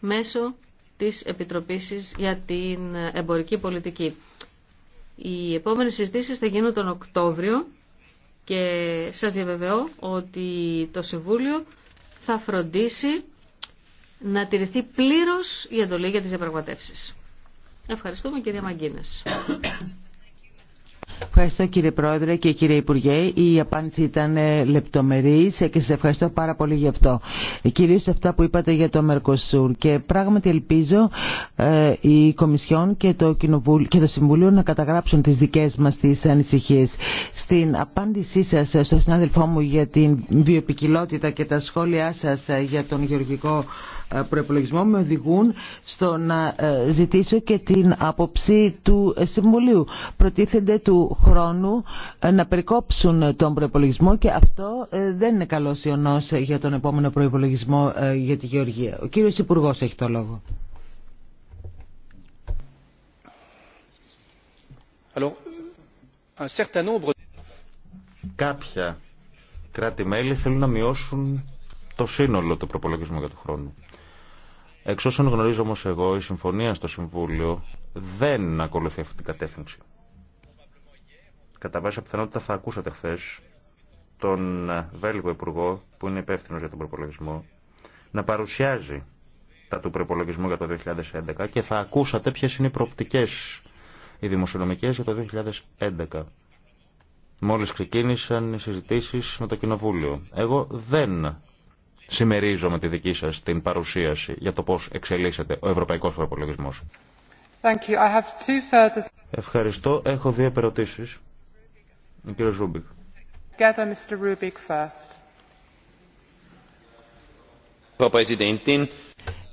μέσω της Επιτροπής για την Εμπορική Πολιτική. Οι επόμενες συζητήσεις θα γίνουν τον Οκτώβριο και σας διαβεβαιώ ότι το Συμβούλιο θα φροντίσει να τηρηθεί πλήρως η εντολή για τις διαπραγματεύσεις. Ευχαριστούμε κυρία Μαγκίνες. Ευχαριστώ κύριε Πρόεδρε και κύριε Υπουργέ. Η απάντηση ήταν ε, λεπτομερής και σας ευχαριστώ πάρα πολύ γι' αυτό. Ε, κυρίως αυτά που είπατε για το Μερκοσούρ και πράγματι ελπίζω οι ε, Κομισιόν και το, Συμβούλιο να καταγράψουν τις δικές μας τις ανησυχίες. Στην απάντησή σας στον συνάδελφό μου για την βιοπικιλότητα και τα σχόλιά σας για τον γεωργικό ε, προπολογισμό με οδηγούν στο να ε, ζητήσω και την άποψη του ε, Συμβουλίου. Προτίθενται του χρόνου να περικόψουν τον προπολογισμό και αυτό δεν είναι καλό ιονό για τον επόμενο προπολογισμό για τη Γεωργία. Ο κύριος Υπουργό έχει το λόγο. Κάποια κράτη-μέλη θέλουν να μειώσουν το σύνολο του προπολογισμού για τον χρόνο. Εξ όσων γνωρίζω όμως εγώ, η συμφωνία στο Συμβούλιο δεν ακολουθεί αυτή την κατεύθυνση. Κατά βάση πιθανότητα θα ακούσατε χθε τον Βέλγο Υπουργό, που είναι υπεύθυνο για τον προπολογισμό, να παρουσιάζει τα του προπολογισμού για το 2011 και θα ακούσατε ποιε είναι οι προοπτικέ οι δημοσιονομικές για το 2011. Μόλις ξεκίνησαν οι συζητήσεις με το Κοινοβούλιο. Εγώ δεν με τη δική σας την παρουσίαση για το πώς εξελίσσεται ο ευρωπαϊκός προπολογισμό. Ευχαριστώ. Έχω δύο ερωτήσεις. Ο κύριο Ρούμπικ.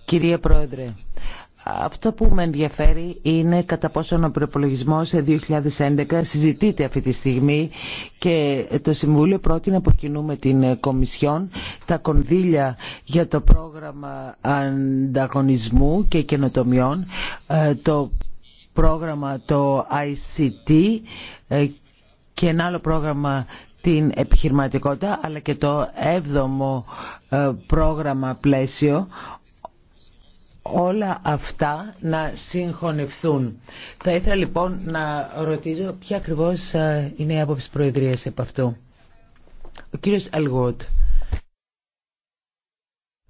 Κυρία Πρόεδρε, αυτό που με ενδιαφέρει είναι κατά πόσον ο προπολογισμό 2011 συζητείται αυτή τη στιγμή και το Συμβούλιο πρότεινε από κοινού με την Κομισιόν τα κονδύλια για το πρόγραμμα ανταγωνισμού και καινοτομιών, ε, το πρόγραμμα το ICT ε, και ένα άλλο πρόγραμμα την επιχειρηματικότητα αλλά και το έβδομο ο ε, πρόγραμμα πλαίσιο όλα αυτά να συγχωνευθούν. Θα ήθελα λοιπόν να ρωτήσω ποια ακριβώς ε, είναι η άποψη Προεδρίας επ' αυτού. Ο κύριος Αλγούτ.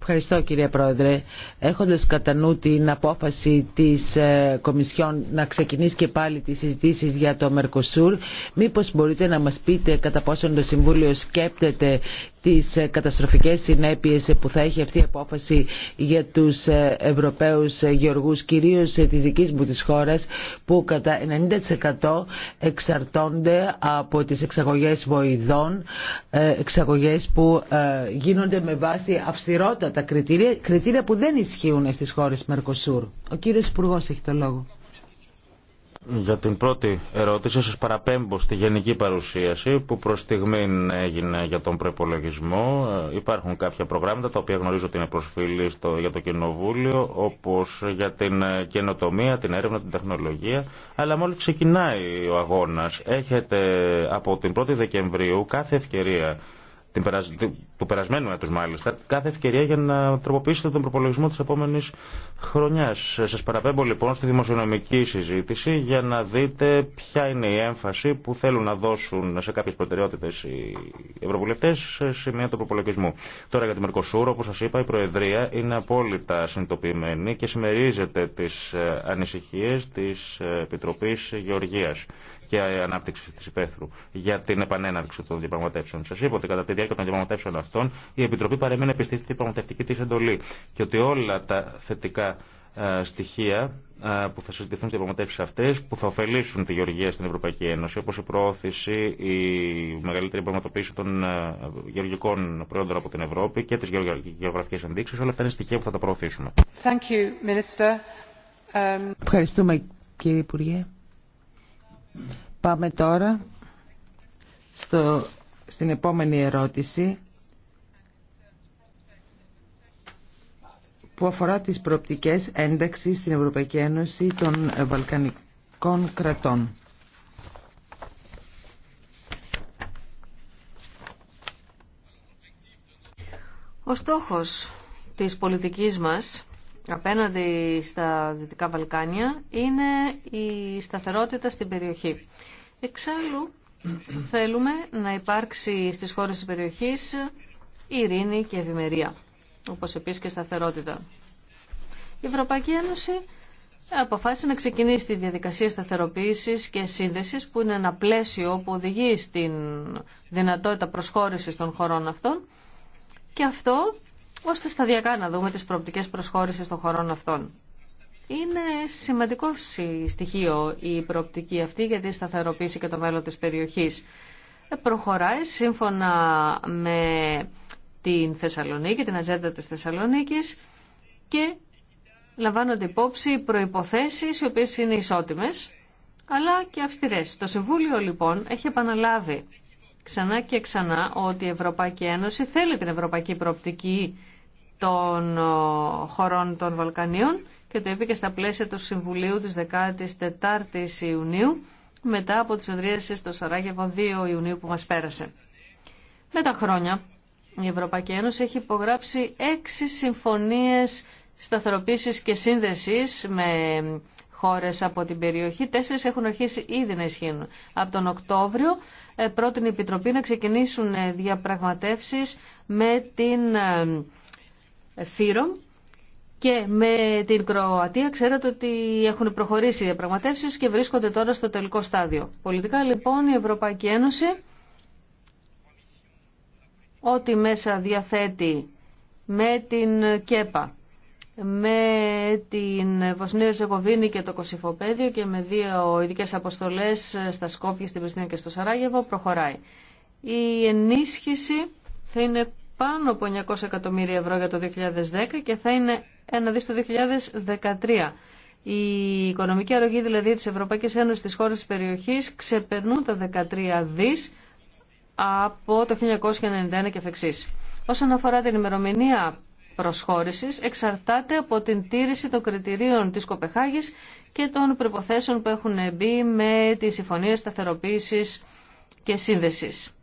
Ευχαριστώ κύριε Πρόεδρε. Έχοντας κατά νου την απόφαση της ε, Κομισιόν να ξεκινήσει και πάλι τις συζητήσεις για το Μερκοσούρ, μήπως μπορείτε να μας πείτε κατά πόσον το Συμβούλιο σκέπτεται τις ε, καταστροφικές συνέπειες που θα έχει αυτή η απόφαση για τους ε, Ευρωπαίους ε, γεωργούς, κυρίως της δικής μου της χώρας, που κατά 90% εξαρτώνται από τις εξαγωγές βοηδών, εξαγωγές που γίνονται με βάση αυστηρότατα κριτήρια, κριτήρια που δεν ισχύουν στις χώρες Μερκοσούρ. Ο κύριος Υπουργό έχει το λόγο. Για την πρώτη ερώτηση σας παραπέμπω στη γενική παρουσίαση που προς στιγμήν έγινε για τον προπολογισμό. Ε, υπάρχουν κάποια προγράμματα τα οποία γνωρίζω ότι είναι προσφύλη για το Κοινοβούλιο όπως για την ε, καινοτομία, την έρευνα, την τεχνολογία αλλά μόλις ξεκινάει ο αγώνας έχετε από την 1η Δεκεμβρίου κάθε ευκαιρία την περασ... του περασμένου έτου μάλιστα, κάθε ευκαιρία για να τροποποιήσετε τον προπολογισμό τη επόμενη χρονιά. Σα παραπέμπω λοιπόν στη δημοσιονομική συζήτηση για να δείτε ποια είναι η έμφαση που θέλουν να δώσουν σε κάποιε προτεραιότητε οι ευρωβουλευτέ σε σημεία του προπολογισμού. Τώρα για τη Μερκοσούρ, όπω σα είπα, η Προεδρία είναι απόλυτα συνειδητοποιημένη και συμμερίζεται τι ανησυχίε τη Επιτροπή Γεωργία και ανάπτυξη τη υπαίθρου για την επανέναρξη των διαπραγματεύσεων. Σα είπα ότι κατά τη διάρκεια των διαπραγματεύσεων αυτών η Επιτροπή παρέμεινε πιστή στην διαπραγματευτική τη εντολή και ότι όλα τα θετικά ε, στοιχεία ε, που θα συζητηθούν στι διαπραγματεύσει αυτέ, που θα ωφελήσουν τη γεωργία στην Ευρωπαϊκή Ένωση, όπω η προώθηση, η μεγαλύτερη πραγματοποίηση των ε, γεωργικών προϊόντων από την Ευρώπη και τι γεωγραφικέ ενδείξει, όλα αυτά είναι στοιχεία που θα τα προωθήσουμε. Thank you, Minister. Ευχαριστούμε, κύριε Υπουργέ. Πάμε τώρα στο, στην επόμενη ερώτηση που αφορά τις προοπτικές ένταξης στην Ευρωπαϊκή Ένωση των Βαλκανικών κρατών. Ο στόχος της πολιτικής μας απέναντι στα Δυτικά Βαλκάνια είναι η σταθερότητα στην περιοχή. Εξάλλου θέλουμε να υπάρξει στις χώρες της περιοχής ειρήνη και ευημερία, όπως επίσης και σταθερότητα. Η Ευρωπαϊκή Ένωση αποφάσισε να ξεκινήσει τη διαδικασία σταθεροποίησης και σύνδεσης που είναι ένα πλαίσιο που οδηγεί στην δυνατότητα προσχώρησης των χωρών αυτών και αυτό ώστε σταδιακά να δούμε τις προοπτικές προσχώρησης των χωρών αυτών. Είναι σημαντικό στοιχείο η προοπτική αυτή γιατί τη και το μέλλον της περιοχής. Ε, προχωράει σύμφωνα με την Θεσσαλονίκη, την ατζέντα της Θεσσαλονίκης και λαμβάνονται υπόψη προϋποθέσεις οι οποίες είναι ισότιμες αλλά και αυστηρές. Το Συμβούλιο λοιπόν έχει επαναλάβει ξανά και ξανά ότι η Ευρωπαϊκή Ένωση θέλει την ευρωπαϊκή προοπτική των χωρών των Βαλκανίων και το είπε και στα πλαίσια του Συμβουλίου της 14ης Ιουνίου μετά από τη συνεδρίαση στο Σαράγεβο 2 Ιουνίου που μας πέρασε. Με τα χρόνια η Ευρωπαϊκή Ένωση έχει υπογράψει έξι συμφωνίες σταθεροποίησης και σύνδεσης με χώρες από την περιοχή. Τέσσερις έχουν αρχίσει ήδη να ισχύουν. Από τον Οκτώβριο ε, πρότεινε η Επιτροπή να ξεκινήσουν ε, διαπραγματεύσεις με την ε, και με την Κροατία ξέρετε ότι έχουν προχωρήσει οι διαπραγματεύσεις και βρίσκονται τώρα στο τελικό στάδιο. Πολιτικά λοιπόν η Ευρωπαϊκή Ένωση ό,τι μέσα διαθέτει με την ΚΕΠΑ, με την Βοσνία Ζεγοβίνη και το Κωσυφοπέδιο και με δύο ειδικέ αποστολές στα Σκόπια, στην Πριστίνα και στο Σαράγεβο προχωράει. Η ενίσχυση θα είναι πάνω από 900 εκατομμύρια ευρώ για το 2010 και θα είναι ένα δις το 2013. Η οικονομική αρρωγή δηλαδή της Ευρωπαϊκής Ένωσης στις χώρες της περιοχής ξεπερνούν τα 13 δις από το 1991 και εφεξής. Όσον αφορά την ημερομηνία προσχώρησης, εξαρτάται από την τήρηση των κριτηρίων της Κοπεχάγης και των προποθέσεων που έχουν μπει με τις συμφωνίες σταθεροποίησης και σύνδεσης.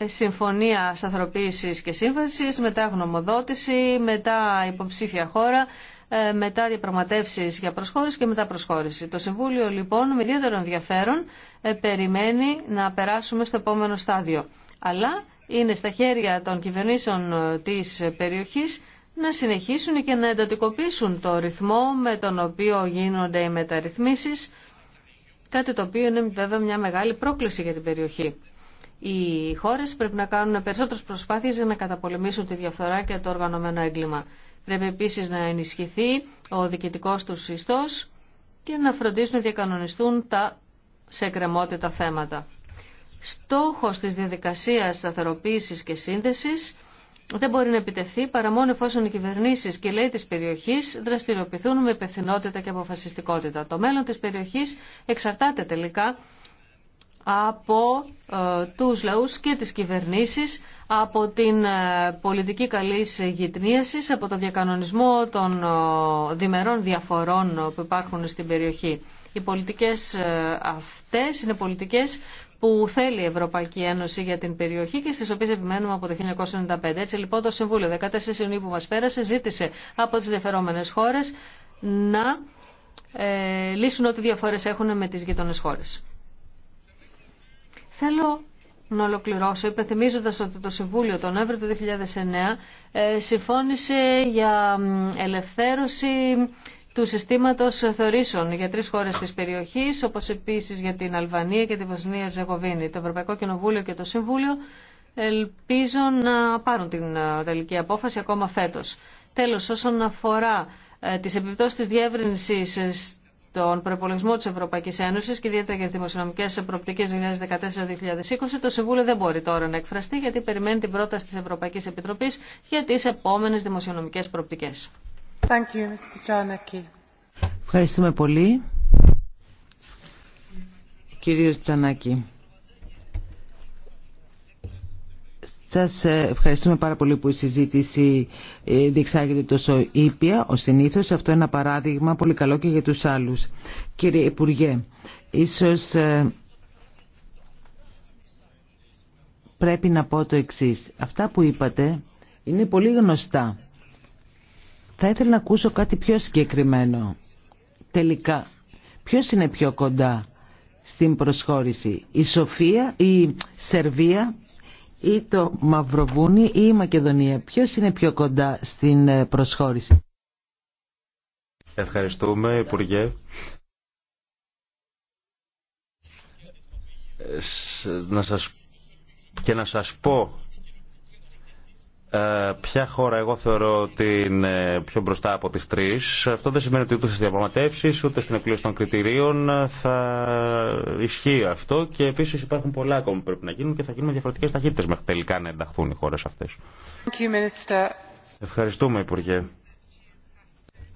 Ε, συμφωνία σταθεροποίηση και σύμβαση, μετά γνωμοδότηση, μετά υποψήφια χώρα, ε, μετά διαπραγματεύσει για προσχώρηση και μετά προσχώρηση. Το Συμβούλιο λοιπόν με ιδιαίτερο ενδιαφέρον ε, περιμένει να περάσουμε στο επόμενο στάδιο. Αλλά είναι στα χέρια των κυβερνήσεων της περιοχής να συνεχίσουν και να εντατικοποιήσουν το ρυθμό με τον οποίο γίνονται οι μεταρρυθμίσεις, κάτι το οποίο είναι βέβαια μια μεγάλη πρόκληση για την περιοχή οι χώρε πρέπει να κάνουν περισσότερε προσπάθειε για να καταπολεμήσουν τη διαφθορά και το οργανωμένο έγκλημα. Πρέπει επίση να ενισχυθεί ο διοικητικό του ιστό και να φροντίσουν να διακανονιστούν τα σε κρεμότητα θέματα. Στόχο τη διαδικασία σταθεροποίηση και σύνδεση δεν μπορεί να επιτευχθεί παρά μόνο εφόσον οι κυβερνήσει και λέει τη περιοχή δραστηριοποιηθούν με υπευθυνότητα και αποφασιστικότητα. Το μέλλον τη περιοχή εξαρτάται τελικά από ε, τους λαούς και τις κυβερνήσεις, από την ε, πολιτική καλής γυτνίασης, από το διακανονισμό των ε, διμερών διαφορών που υπάρχουν στην περιοχή. Οι πολιτικές αυτές είναι πολιτικές που θέλει η Ευρωπαϊκή Ένωση για την περιοχή και στις οποίες επιμένουμε από το 1995. Έτσι λοιπόν το Συμβούλιο 14 Ιουνίου που μας πέρασε ζήτησε από τις διαφερόμενες χώρες να λύσουν ό,τι διαφορές έχουν με τις γειτονές χώρες. Θέλω να ολοκληρώσω υπενθυμίζοντας ότι το Συμβούλιο τον Νοέμβριο του 2009 ε, συμφώνησε για ελευθέρωση του συστήματος θεωρήσεων για τρεις χώρες της περιοχής, όπως επίσης για την Αλβανία και τη Βοσνία Ζεγοβίνη. Το Ευρωπαϊκό Κοινοβούλιο και το Συμβούλιο ελπίζω να πάρουν την ε, τελική απόφαση ακόμα φέτος. Τέλος, όσον αφορά ε, τις επιπτώσεις της διεύρυνσης τον προπολογισμό τη Ευρωπαϊκή Ένωση και ιδιαίτερα για τι δημοσιονομικέ προοπτικές 2014-2020, το Συμβούλιο δεν μπορεί τώρα να εκφραστεί γιατί περιμένει την πρόταση τη Ευρωπαϊκή Επιτροπή για τις επόμενες δημοσιονομικές προοπτικές. Ευχαριστούμε πολύ. κύριε Τζανάκη. Σας ε, ευχαριστούμε πάρα πολύ που η συζήτηση ε, διεξάγεται τόσο ήπια, ο συνήθως. Αυτό είναι ένα παράδειγμα πολύ καλό και για τους άλλους. Κύριε Υπουργέ, ίσως ε, πρέπει να πω το εξής. Αυτά που είπατε είναι πολύ γνωστά. Θα ήθελα να ακούσω κάτι πιο συγκεκριμένο. Τελικά, ποιος είναι πιο κοντά στην προσχώρηση, η Σοφία, η Σερβία ή το Μαυροβούνι ή η Μακεδονία. Ποιος είναι πιο κοντά στην ε, προσχώρηση. Ευχαριστούμε Υπουργέ. Ε, να σας και να σας πω ε, ποια χώρα εγώ θεωρώ ότι είναι πιο μπροστά από τις τρεις. Αυτό δεν σημαίνει ότι ούτε στις διαπραγματεύσεις ούτε στην εκπλήρωση των κριτηρίων θα ισχύει αυτό και επίσης υπάρχουν πολλά ακόμα που πρέπει να γίνουν και θα γίνουν διαφορετικές ταχύτητες μέχρι τελικά να ενταχθούν οι χώρες αυτές. Ευχαριστούμε Υπουργέ.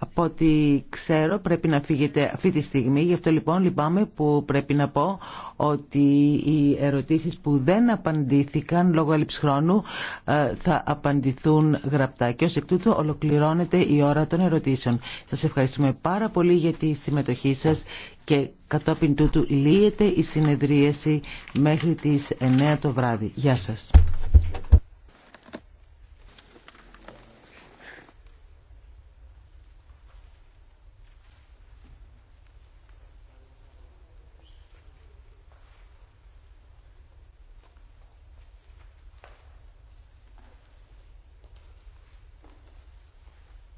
Από ό,τι ξέρω πρέπει να φύγετε αυτή τη στιγμή, γι' αυτό λοιπόν λυπάμαι που πρέπει να πω ότι οι ερωτήσεις που δεν απαντήθηκαν λόγω έλλειψη χρόνου ε, θα απαντηθούν γραπτά και ως εκ τούτου ολοκληρώνεται η ώρα των ερωτήσεων. Σας ευχαριστούμε πάρα πολύ για τη συμμετοχή σας και κατόπιν τούτου λύεται η συνεδρίαση μέχρι τις 9 το βράδυ. Γεια σας.